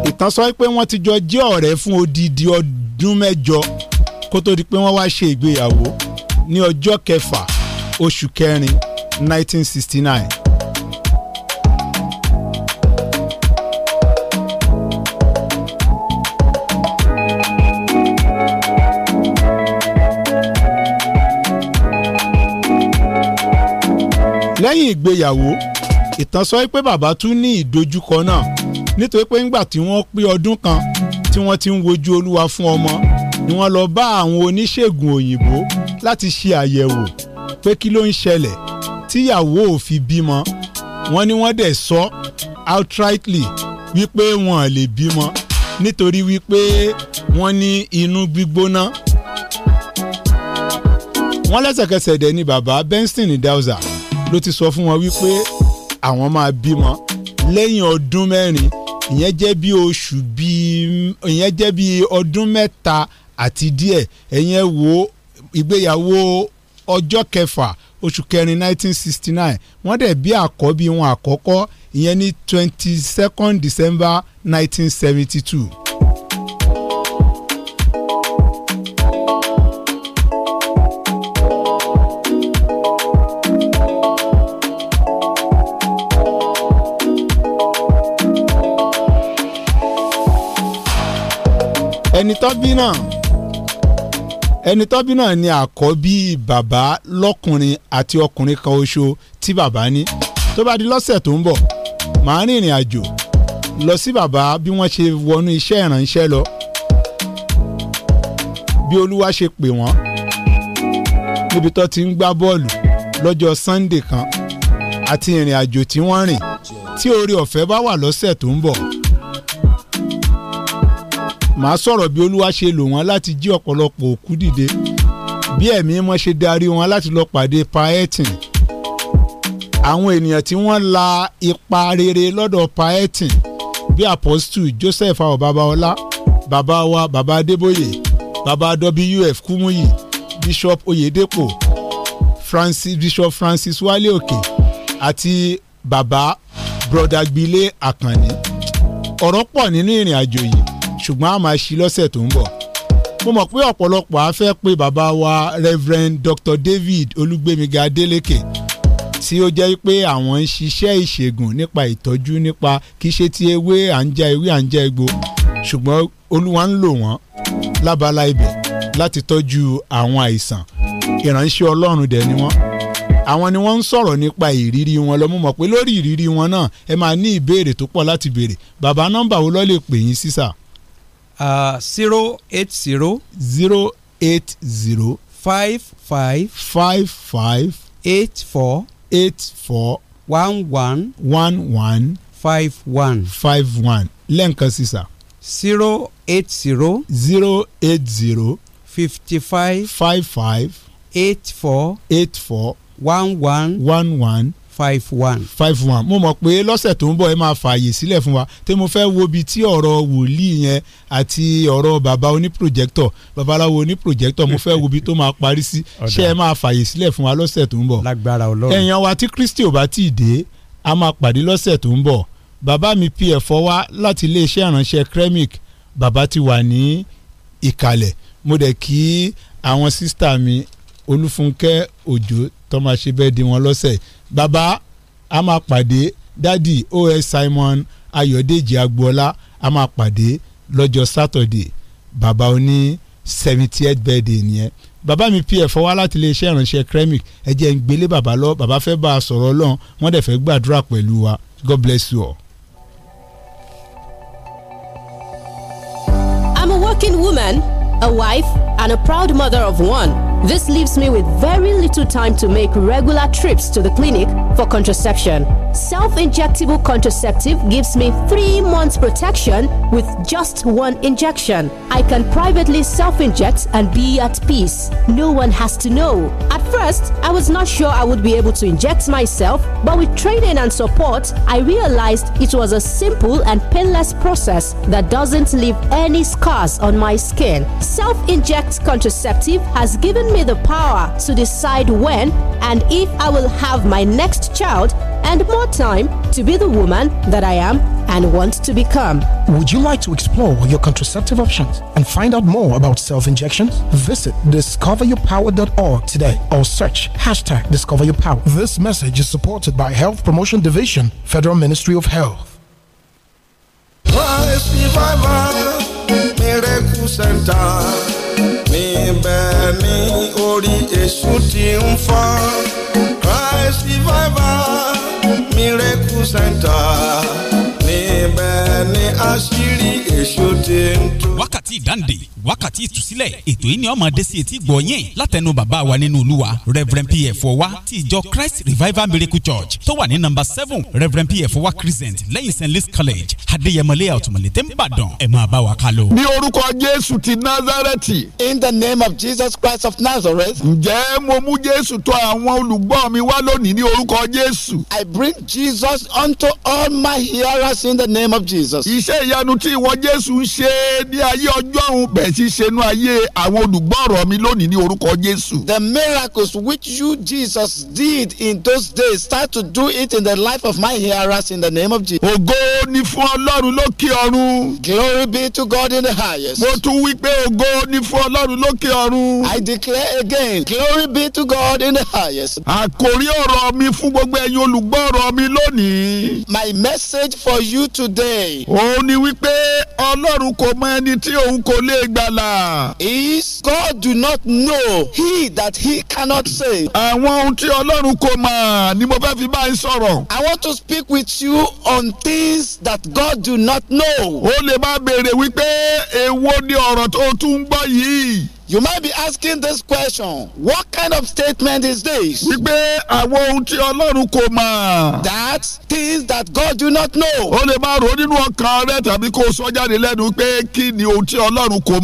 ìtàn sọ pé wọ́n ti jọ jẹ́ ọ̀rẹ́ fún odidi ọdún mẹ́jọ kó tó di pé wọ́n wáá ṣe ìgbéyàwó ní ọjọ́ kẹfà oṣù kẹrin 1969. lẹ́yìn ìgbéyàwó ìtàn sọ pé bàbá tún ní ìdojúkọ náà nítorí pé ńgbà tí wọ́n pé ọdún kan tí wọ́n ti ń wojú olúwa fún ọmọ ni wọ́n lọ bá àwọn oníṣègùn òyìnbó láti ṣe àyẹ̀wò pé kí ló ń ṣẹlẹ̀ tíyàwó ò fi bímọ wọ́n ní wọ́n dẹ̀ sọ outrightly wípé wọn lè bímọ nítorí wípé wọ́n ní inú gbígbóná wọ́n lẹ́sẹ̀kẹsẹ̀ dẹ̀ ni bàbá Benson Dauza ló ti sọ fún wọn wípé àwọn máa bímọ lẹ́yìn ọdún mẹ́rin ìyẹn jẹ́ bí oṣù bíi ìyẹn jẹ́ bí ọdún mẹ́ta àti díẹ̀ ẹ̀yẹn wo ìgbéyàwó ọjọ́ kẹfà oṣù kẹrin 1969. sixty nine wọ́n dẹ̀ bí àkọ́bí wọn àkọ́kọ́ ìyẹn ní twenty second december 1972. tó bí náà ẹni tó náà ni àkọ́bí bàbá lọ́kùnrin àti ọkùnrin kan oṣù tí bàbá ní tó bá di lọ́sẹ̀ tó ń bọ̀ màá rìn ìrìn àjò lọ sí bàbá bí wọ́n ṣe wọnú iṣẹ́ ìrànṣẹ́ lọ bí olúwa ṣe pè wọ́n níbi tó ti ń gbá bọ́ọ̀lù lọ́jọ́ Sunday kan àti ìrìn àjò tí wọ́n rìn tí oore ọ̀fẹ́ bá wà lọ́sẹ̀ tó ń bọ̀ màá sọ̀rọ̀ bí olúwa ṣe lò wọ́n láti jí ọ̀pọ̀lọpọ̀ òkú dìde bí ẹ̀mí wọn ṣe darí wọn láti lọ pàdé paetin àwọn ènìyàn tí wọ́n la ipa rere lọ́dọ̀ paetin bí apọ́sítù Joseph àwọn babaọlá bàbá wa bàbá adébóyè Baba WF kúmúyì Bishop oyedepo Francis Bishop Francis wálé òkè àti bàbá broda gbilé àkànní ọ̀rọ̀ pọ̀ nínú ìrìn àjò yìí ṣùgbọ́n a máa ṣí lọ́sẹ̀ tó ń bọ̀ mo mọ̀ pé ọ̀pọ̀lọpọ̀ á pé bàbá wa Reverend Dr. David Olúgbémiga Adeleke tí ó jẹ́ pé àwọn ń ṣiṣẹ́ ìṣègùn nípa ìtọ́jú nípa kì í ṣe ti ewé à ń já ewé à ń já egbò ṣùgbọ́n Olúwa ń lò wọ́n lábala ibẹ̀ láti tọ́jú àwọn àìsàn ìránṣẹ́ Ọlọ́run dẹ̀ ni wọ́n àwọn ni wọ́n ń sọ̀rọ̀ nípa ìrírí wọn lọ mo mọ̀ pé lórí ìrírí wọn náà ẹ máa ní ìbéèrè tó pọ̀ láti béèrè bàbá nọ́mbà wo ló lè pè yín sísà. Si zero eight zero. zero eight zero. five five. five five. eight four. eight four. one one. one one. five one. five one lẹ́ǹkan sísà. zero eight zero. zero eight zero. fifty five. five five. eight four. eight four. one one. one one five one. five one mo mọ̀ pé lọ́sẹ̀ tó ń bọ̀ ẹ máa fààyè sílẹ̀ fún wa tí mo fẹ́ wo ibi tí ọ̀rọ̀ wòlíì yẹn àti ọ̀rọ̀ bàbá oníprojẹ́ktọ̀ babaláwo oníprojẹ́ktọ̀ mo fẹ́ wo ibi tó máa parí sí ṣé ẹ máa fààyè sílẹ̀ fún wa lọ́sẹ̀ tó ń bọ̀. lágbára ọlọ́run ẹ̀yàn wa tí kristi ò bá tí ì dé a máa pàdé lọ́sẹ̀ tó ń bọ̀ bàbá mi pf wá láti iléeṣẹ́ ìránṣẹ́ kremik bàbá ti wà ní ìkàlẹ̀ mo dẹ̀ kí àwọn sísítà mi olúfúnkẹ́ òjò tó máa ṣe bẹ́ẹ̀ di wọn lọ́sẹ̀ yìí Baba, a máa pàdé dádì os simon ayọ̀dèjì agboola a máa pàdé lọ́jọ́ Saturday. Baba oní seventy eight birthday nìyẹn bàbá mi pf wá láti iléeṣẹ́ ìrànṣẹ́ kremik ẹ jẹ́ ń gbélé Baba lọ Baba fẹ́ bá a sọ̀rọ̀ ọlọ́run wọ́n dẹ̀ fẹ́ gbàdúrà pẹ̀lú wa god bless you all. I'm a working woman, a wife. and a proud mother of one. This leaves me with very little time to make regular trips to the clinic for contraception. Self injectable contraceptive gives me three months protection with just one injection. I can privately self inject and be at peace. No one has to know. At first, I was not sure I would be able to inject myself, but with training and support, I realized it was a simple and painless process that doesn't leave any scars on my skin. Self inject Contraceptive has given me the power to decide when and if I will have my next child and more time to be the woman that I am and want to become. Would you like to explore your contraceptive options and find out more about self injections? Visit discoveryourpower.org today or search hashtag discoveryourpower. This message is supported by Health Promotion Division, Federal Ministry of Health. Life Miracle Center níbẹ̀ ní orí èṣù ti ń fọ́ Christ revival miracle center níbẹ̀ ní àṣírí èso ti ń tú. wákàtí ìdáǹdè wákàtí ìtúsílẹ̀ ètò yìí ni ọmọ adé sí etí gbọ̀nyìn látẹnu bàbá wa nínú olúwa reverend pf wa ti ìjọ christ revival miracle church tó wà ní number seven reverend pf wa crescent lẹ́yìn st louis college adéyẹmọlẹ́ àtùmọ̀lẹ́tẹ̀ ń bàdàn ẹ̀ máa bá wa ká lọ. ní orúkọ jésù ti nazareti. in the name of jesus christ of nazareth. ǹjẹ́ mo mú jésù tọ̀ àwọn olùgbọ́ mi wá lónìí ní orúkọ jésù. i bring jesus unto all my hearers in the name of jesus iṣẹ́ ìyanu tí ìwọ Jésù ń ṣe ní ayé ọjọ́ òun bẹ̀ẹ̀ sí ṣe ayé àwọn olùgbọ́rọ̀ mi lónìí ní orúkọ Jésù. The miracles which you Jesus did in those days start to do it in the life of my hearers in the name of Jesus. Ògo ni fún Ọlọ́run lókè ọ̀run. Glory be to God in the highest. Mo tún wí pé ògo ni fún Ọlọ́run lókè ọ̀run. I declare again glory be to God in the highest. Àkòrí ọ̀rọ̀ mi fún gbogbo ẹ̀yin olùgbọ́rọ̀ mi lónìí. My message for you today. Oh òun ni wípé ọlọ́run kò mọ ẹni tí òun kò lè gbàlà. is God do not know he that he cannot say? àwọn ohun tí ọlọ́run kò mọ̀ ni mo fẹ́ fi bá yín sọ̀rọ̀. I want to speak with you on things that God do not know. ó lè má béèrè wípé èwo ni ọ̀rọ̀ tó tún ń gbọ́ yìí. You might be asking this question. What kind of statement is this? Wípé àwọn ohun tí Ọlọ́run kò mọ̀. That that God do not know. ó lè máa rò nínú ọkàn rẹ tàbí kó o le maa okan re lẹ́nu pé kí ni ohun tí Ọlọ́run kò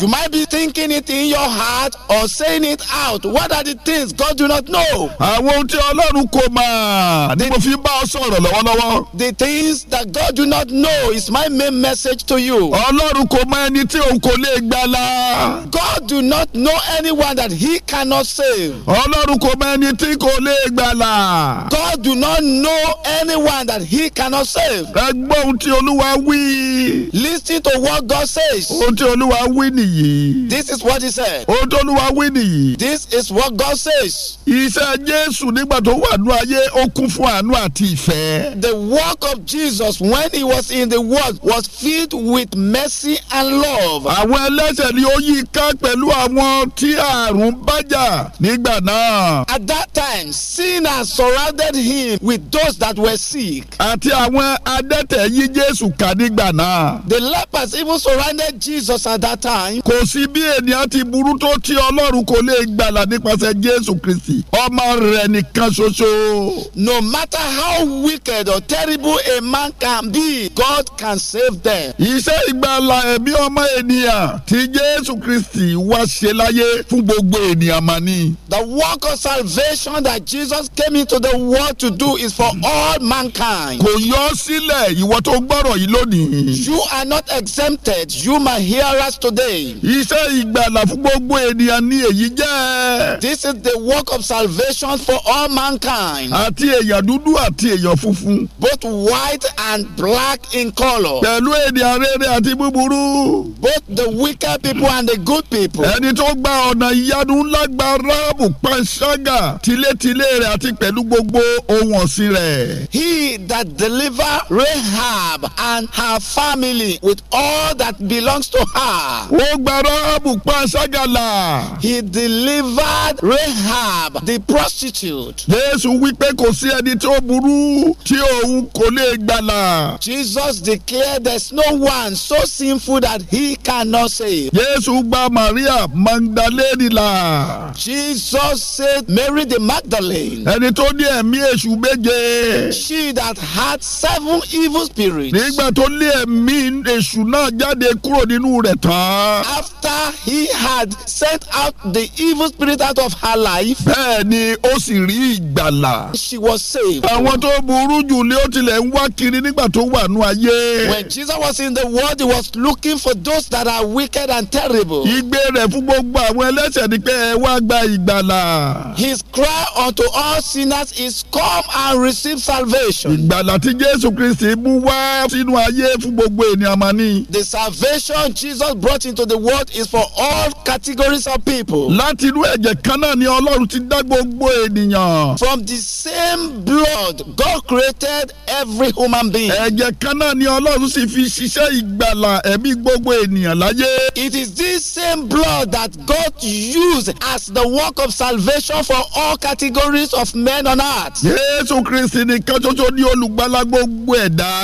you might be thinking it in your heart or saying it out what are the things God do not know. àwọn ohun tí Ọlọ́run kò mọ̀ ni mo fi bá ọ sọ̀rọ̀ lọ́wọ́lọ́wọ́. the things that God do not know is my main message to you. Ọlọ́run kò mọ̀ ẹni tí òun kò lè gbàlà. God do not know anyone that he cannot save. Ọlọ́run kò mọ̀ ẹni tí kò lè gbàlà. God do not know anyone man that he cannot save. ẹ gbọ́ ohun tí olúwa wí. listen to what God says. ohun tí olúwa wí nìyí. this is what he said. ohun tí olúwa wí nìyí. this is what God says. iṣẹ́ Jésù nígbà tó wà nú ayé ó kún fún àánú àti ìfẹ́. the work of Jesus when he was in the world was filled with mercy and love. àwọn ẹlẹ́sẹ̀ ni ó yí ká pẹ̀lú àwọn tí àrùn bájà nígbà náà. at that time sinners surrounded him with those that were sick àti àwọn adẹ́tẹ̀ yí Jésù ká nígbà náà. the lepers even surrounded Jesus at that time. kò sí bí ènìyàn ti burú tó tí Ọlọ́run kò lè gbàlà nípasẹ̀ Jésù Kristi ọmọ rẹ̀ nìkan ṣoṣo. no matter how wicked or terrible a man can be God can save them. iṣẹ́ ìgbàlà ẹ̀mí ọmọ ènìyàn tí Jésù Kristi wá ṣe láyé fún gbogbo ènìyàn ní. the work of salvation that Jesus came into the world to do is for all mankind mankind. kò yọ sílẹ̀ ìwọ tó gbọ́rọ̀ yìí lónìí. you are not exempted you hear us today. iṣẹ́ ìgbàlà fún gbogbo ènìyàn ni èyí jẹ́. this is the work of salvation for all mankind. àti èèyàn dúdú àti èèyàn funfun. both white and black in colour. pẹ̀lú ènìyàn rere àti búburú. both the wicked people and the good people. ẹni tó gba ọ̀nà ìyanu ńlá gba ráàbù panṣágà tilétilé rẹ̀ àti pẹ̀lú gbogbo ohun ọ̀sìn rẹ̀. he that deliver Rahab and her family with all that belongs to her. He delivered Rahab the prostitute. Jesus declared there's no one so sinful that he cannot save. gba Màríà Jesus said Mary the Magdalene. Ẹni tó ní ẹ̀mí èṣù méje. She that had seven evil spirits. nígbà tó lé ẹ̀mí èṣù náà jáde kúrò nínú rẹ̀ tán. after he had sent out the evil spirit out of her life. bẹ́ẹ̀ ni ó sì rí ìgbàlà. she was saved. àwọn tó burú jù ni ó tilẹ̀ ń wá kiri nígbà tó wà nú ayé. when Jesus was in the world he was looking for those that are wicked and terrible. igbe rẹ̀ fún gbogbo àwọn ẹlẹ́ṣẹ̀ ni pé ẹ wá gba ìgbàlà. his cry unto all sinners is come and receive salvation salvation. ìgbàlà tí Jésù Kristi mú wá sínú ayé fún gbogbo ènìyàn máa ní. the salvation Jesus brought into the world is for all categories of people. láti inú ẹ̀jẹ̀ kan náà ni Ọlọ́run ti dá gbogbo ènìyàn. from the same blood God created every human being. ẹ̀jẹ̀ kan náà ni Ọlọ́run sì fi ṣiṣẹ́ ìgbàlà ẹ̀mí gbogbo ènìyàn láyé. it is this same blood that God used as the work of salvation for all categories of men on earth. Jésù Kristi ní. ni olùgbàlà gbogbo ẹ̀dá.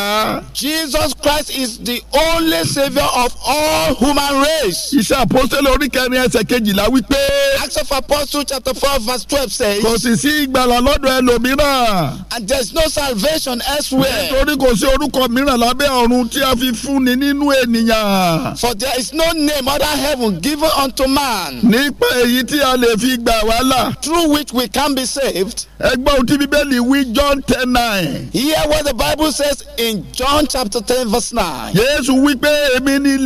Jesus Christ is the only saviour of all human race. iṣẹ́ àpọ́sítélì oríkẹrin ẹsẹ̀ kejìlá wípé. Acts of Apostles chapter four verse twelve says. kò sì sí ìgbàlà lọ́dọ̀ ẹlòmíràn. and there is no salvation elsewhere. nítorí kò sí orúkọ mìíràn lábẹ́ ọ̀run tí a fi fúnni nínú ènìyàn. for there is no name under heaven given unto man. nípa èyí tí a lè fi gbà wá là. through which we can be saved. ẹgbọ́n tí bíbélì wí John ten nine. Hear what the Bible says in John chapter ten verse nine. èmi ni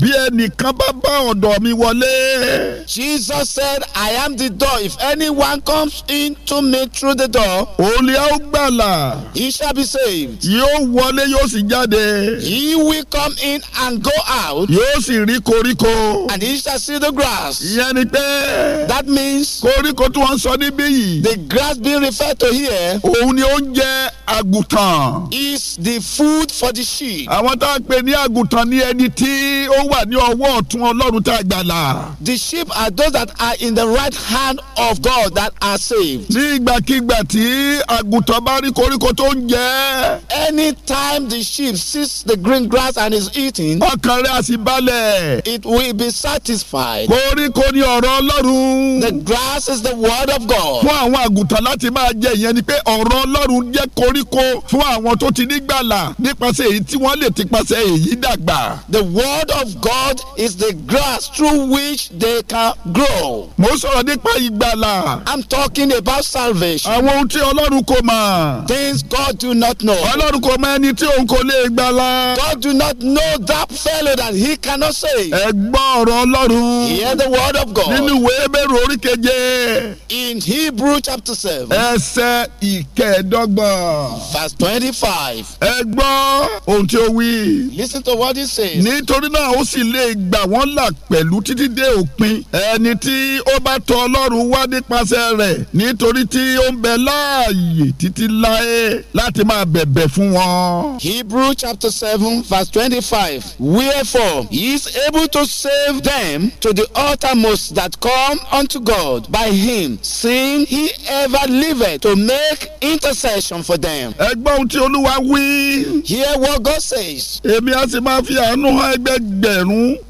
bí ẹnìkan bá bá ọ̀dọ̀ mi wọlé. Jesus said, I am the door. If anyone comes in to me through the door. Olè ó gbàlà. He shall be saved. Yóò wọlé yóò sì jáde. He will come in and go out. Yóò sì rí koríko. And he shall see the grass. Ìyẹn ni pé. That means. Koríko tí wọ́n sọ níbí yìí. The grass being referred to here. Òun ni ó ń jẹ àgùntàn. is the food for the sheep. àwọn tá a pè ní àgùntàn ni ẹni tí ó wà ní ọwọ́ ọ̀tún ọlọ́run tá a gbàlà. the sheep are those that are in the right hand of God that are saved. ní ìgbàkigbà tí àgùntàn bá rí koríko tó ń jẹ. anytime the sheep sees the green grass and is eating. ọkàn rẹ̀ á sì balẹ̀. it will be satisfied. koríko ni ọ̀rọ̀ ọlọ́run. the grass is the word of God. fún àwọn àgùntàn láti máa jẹ ìyẹn ni pé ọ̀rọ̀ ọlọ́run jẹ́ kó. koríko fún àwọn tó ti nígbàlà nípasẹ̀ èyí tí wọ́n lè tipasẹ̀ èyí dàgbà. The word of God is the grass through which they can grow. mo sọ̀rọ̀ nípa ìgbàlà. I'm talking about salvation. àwọn ohun tí Ọlọ́run kò mọ̀. Things God do not know. Ọlọ́run kò mọ ẹni tí òun kò lè gbàlà. God do not know that fellow that he cannot say. ẹ gbọ́ ọ̀rọ̀ Ọlọ́run. Hear the word of God. nínú ìwé Hébérù orí keje. In Hebrew chapter seven. ẹsẹ̀ ìkẹẹ̀dọ́gbọ̀n verse twenty-five. ẹ gbọ́ ohun tí ó wí. listen to what he says. nítorí náà ó sì lè gbà wọ́n là pẹ̀lú títí dé òpin. ẹni tí ó bá tọ̀ Ọlọ́run wá nípasẹ̀ rẹ̀ nítorí tí ó ń bẹ láàyè títí láé láti máa bẹ̀bẹ̀ fún wọn. Hebrew chapter seven verse twenty-five. Wherefore he is able to save them to the uttermost that come unto God by him, seeing he ever liveth to make intercession for them. them. ẹ ohun tí olúwa wí. hear what God says. èmi á sì máa fi àánú hàn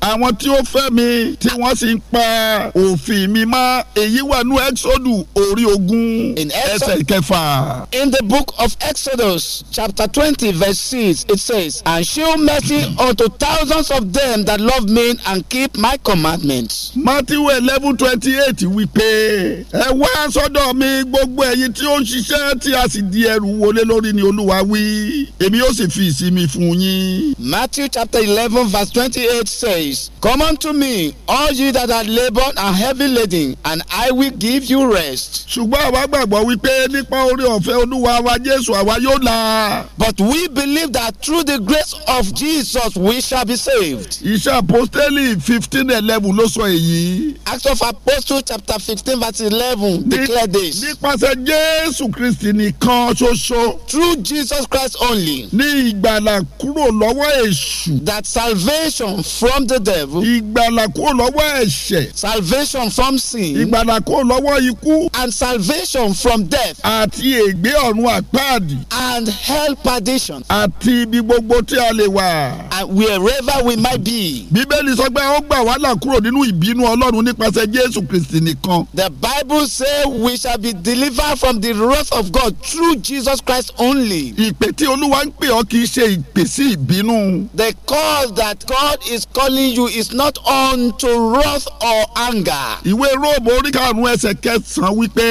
àwọn tí ó fẹ́ mi tí wọ́n sì ń pa òfin mi mọ́ èyí wà ní exodu orí ogún ẹsẹ̀ kẹfà. in the book of Exodus chapter twenty verse six it says and show mercy unto thousands of them that love me and keep my commandments. Matthew eleven twenty eight wípé ẹ wá sọ́dọ̀ mi gbogbo ẹ̀yin tí ó ń ṣiṣẹ́ tí a sì di ẹrù wọ. wọlé lórí ni olúwa wí èmi yóò sì fi ìsinmi fún yín. Matthew chapter eleven verse twenty-eight says Come unto me all ye that are laboured and heavy laden and I will give you rest. ṣùgbọ́n àwa gbàgbọ́ wípé nípa oore ọ̀fẹ́ olúwa wa Jésù àwa yóò là. But we believe that through the grace of Jesus we shall be saved. Iṣẹ́ àpọ́stélì fifteen eleven ló sọ èyí. Acts of Apostles chapter fifteen verse eleven declare this. Nípasẹ̀ Jésù Kristi nìkan ṣoṣo. through Jesus Christ only. ní ìgbàlà kúrò lọ́wọ́ èṣù. that salvation from the devil. ìgbàlà kúrò lọ́wọ́ ẹ̀ṣẹ̀. salvation from sin. ìgbàlà kúrò lọ́wọ́ ikú. and salvation from death. àti ègbé ọ̀run àpáàdì. and hell perdition. àti ibi gbogbo tí a lè wà. and wherever we might be. bíbélì sọ pé ó gbà kúrò nínú ìbínú ọlọ́run nípasẹ̀ jésù kristi nìkan. the bible say we shall be delivered from the wrath of God through Jesus Christ only. Ìpè tí Olúwa ń pè ọ́ kì í ṣe ìpè sí ìbínú. The call that God is calling you is not unto wrath or anger. Ìwé Róòmù orí ẹsẹ̀ kẹsàn-án wípé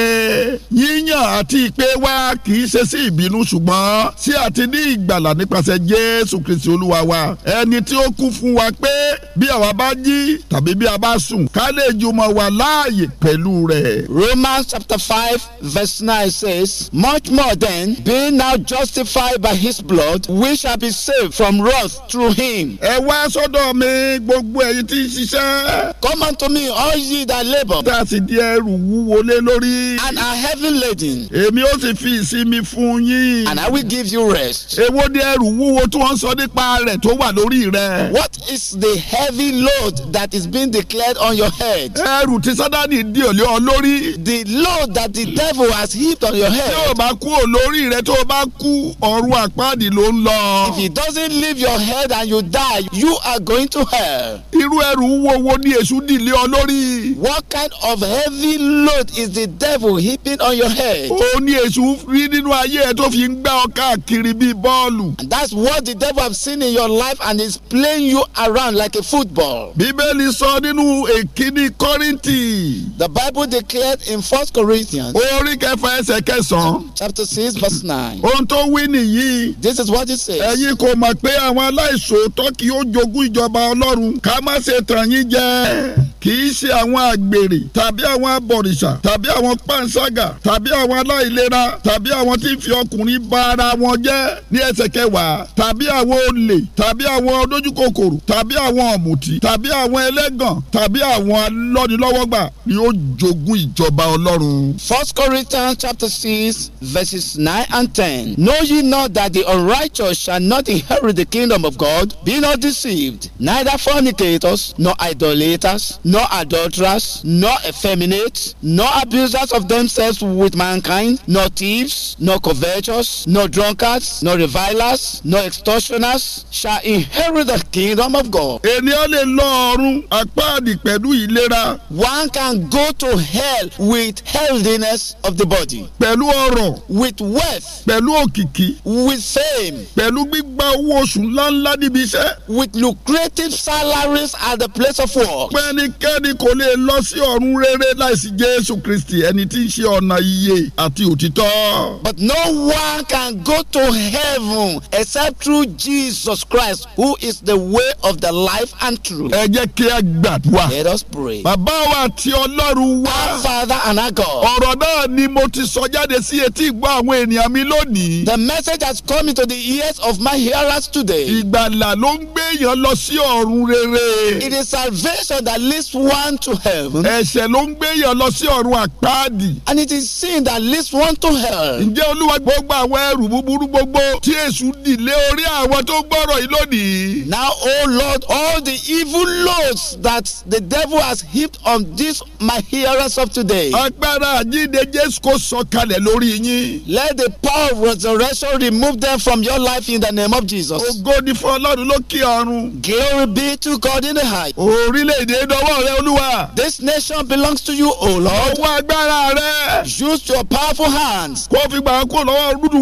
yíyàn àti ìpè wa kì í ṣe sí ìbínú ṣùgbọ́n sí àti ní ìgbàlà nípasẹ̀ Jésù Kristi Olúwa wa. Ẹni tí ó kú fún wa pé bí àwa bá jí tàbí bí a bá sùn ká lè jùmọ̀ wà láàyè pẹ̀lú rẹ̀. Romans chapter five verse nine says much more than being now justified by his blood, we shall be saved from wrath through him. Ẹ wá sọ́dọ̀ mi gbogbo ẹ̀yin tí ṣiṣẹ́. Come unto me all ye that labour. Tá a di ẹrù wúwo lórí. And are heavy laden. Èmi ó sì fi ìsinmi fún yín. And I will give you rest. Èwo ni ẹrù wúwo tí wọ́n sọ nípa rẹ̀ tó wà lórí rẹ̀? What is the heavy load that is being declared on your head? Ẹrù tí Sádánì dì ọ́ lórí. The load that the devil has heaped on your head. Yóò máa kú olórí rẹ tó bá kú ọ̀run àpáàdì ló ń lọ. if he doesn't leave your head and you die you are going to hell. irú ẹrù wo wo ni èṣù dìlé ọ lórí. what kind of heavy load is the devil heaping on your head. ó ní èṣù rí nínú ayé ẹ tó fi ń gbá ọ káàkiri bíi bọ́ọ̀lù. and that's what the devil have seen in your life and is playing you around like a football. bíbélì sọ nínú èkíní kọ́rìntì. the bible declared in first corinthians. orí kẹfà ẹsẹ̀ kẹsàn-án. chapter six verse. verse nine. ohun tó wí nìyí. this is what he says. ẹ̀yin kò mọ̀ pé àwọn aláìṣòótọ́ kì yóò jogún ìjọba ọlọ́run ká má ṣe tàn yín jẹ kì í ṣe àwọn àgbèrè tàbí àwọn abọ̀rìṣà tàbí àwọn pàǹságà tàbí àwọn aláìlera tàbí àwọn tí ń fi ọkùnrin bá ara wọn jẹ́ ní ẹsẹ̀ kẹwàá tàbí àwọn olè tàbí àwọn olójúkòkòrò tàbí àwọn ọ̀mùtí tàbí àwọn ẹlẹ́gàn tàbí àwọn alọ́nilọ́wọ́gbà ni ó jogún ìjọba ọlọ́run. First Corinthians chapter six verses nine. 9 and ten, Know ye not that the unrighteous shall not inherit the kingdom of God? Be not deceived. Neither fornicators, nor idolaters, nor adulterers, nor effeminates, nor abusers of themselves with mankind, nor thieves, nor covetous, nor drunkards, nor revilers, nor extortioners shall inherit the kingdom of God. ènìyàn lè lọ ọ̀run àpáàdì pẹ̀lú ìlera. one can go to hell with healthiness of the body. pẹ̀lú ọrọ̀. with wealth. pẹ̀lú òkìkí. with same, pẹ̀lú gbígba owó oṣù ńláńlá níbi iṣẹ́. with lucrative salaries at the place of work. kò lè lọ sí ọ̀run rere láìsí Jésù Kristi ẹni tí ń ṣe ọ̀nà iye àti òtítọ́. but no one can go to heaven except through Jesus Christ who is the way of the life and truth. ẹ jẹ́ kí gbàdúrà. let us pray. bàbá wa àti Ọlọ́run wa. our father and our God. ọ̀rọ̀ náà ni mo ti sọ jáde sí etí ìgbọ́ àwọn ènìyàn mi lónìí. The message has come into the ears of my hearers today. Ìgbàlà ló ń gbé èèyàn lọ sí ọ̀run rere. It is salvation that leads one to heaven. Ẹ̀ṣẹ̀ ló ń gbé èèyàn lọ sí ọ̀run àpáàdì. And it is sin that leads one to hell. Ǹjẹ́ Olúwa gbogbo àwọn ẹrù búburú gbogbo tí èṣù dì orí àwọn tó gbọ́rọ̀ yìí lónìí. Now, O Lord, all the evil loads that the devil has heaped on these my hearers of today. Agbára àjíǹde Jésù kò sọ̀kalẹ̀ lórí yín. Let the power of resurrection remove them from your life in the name of Jesus. ògo ni fún ọlọ́run lókè ọ̀run. glory be to God in the high. orílẹ̀-èdè dọ́wọ́ rẹ olúwa. this nation belongs to you o Lord. ọwọ́ agbára rẹ. use your powerful hands. kó o fi gbà lọ́wọ́ dúdú.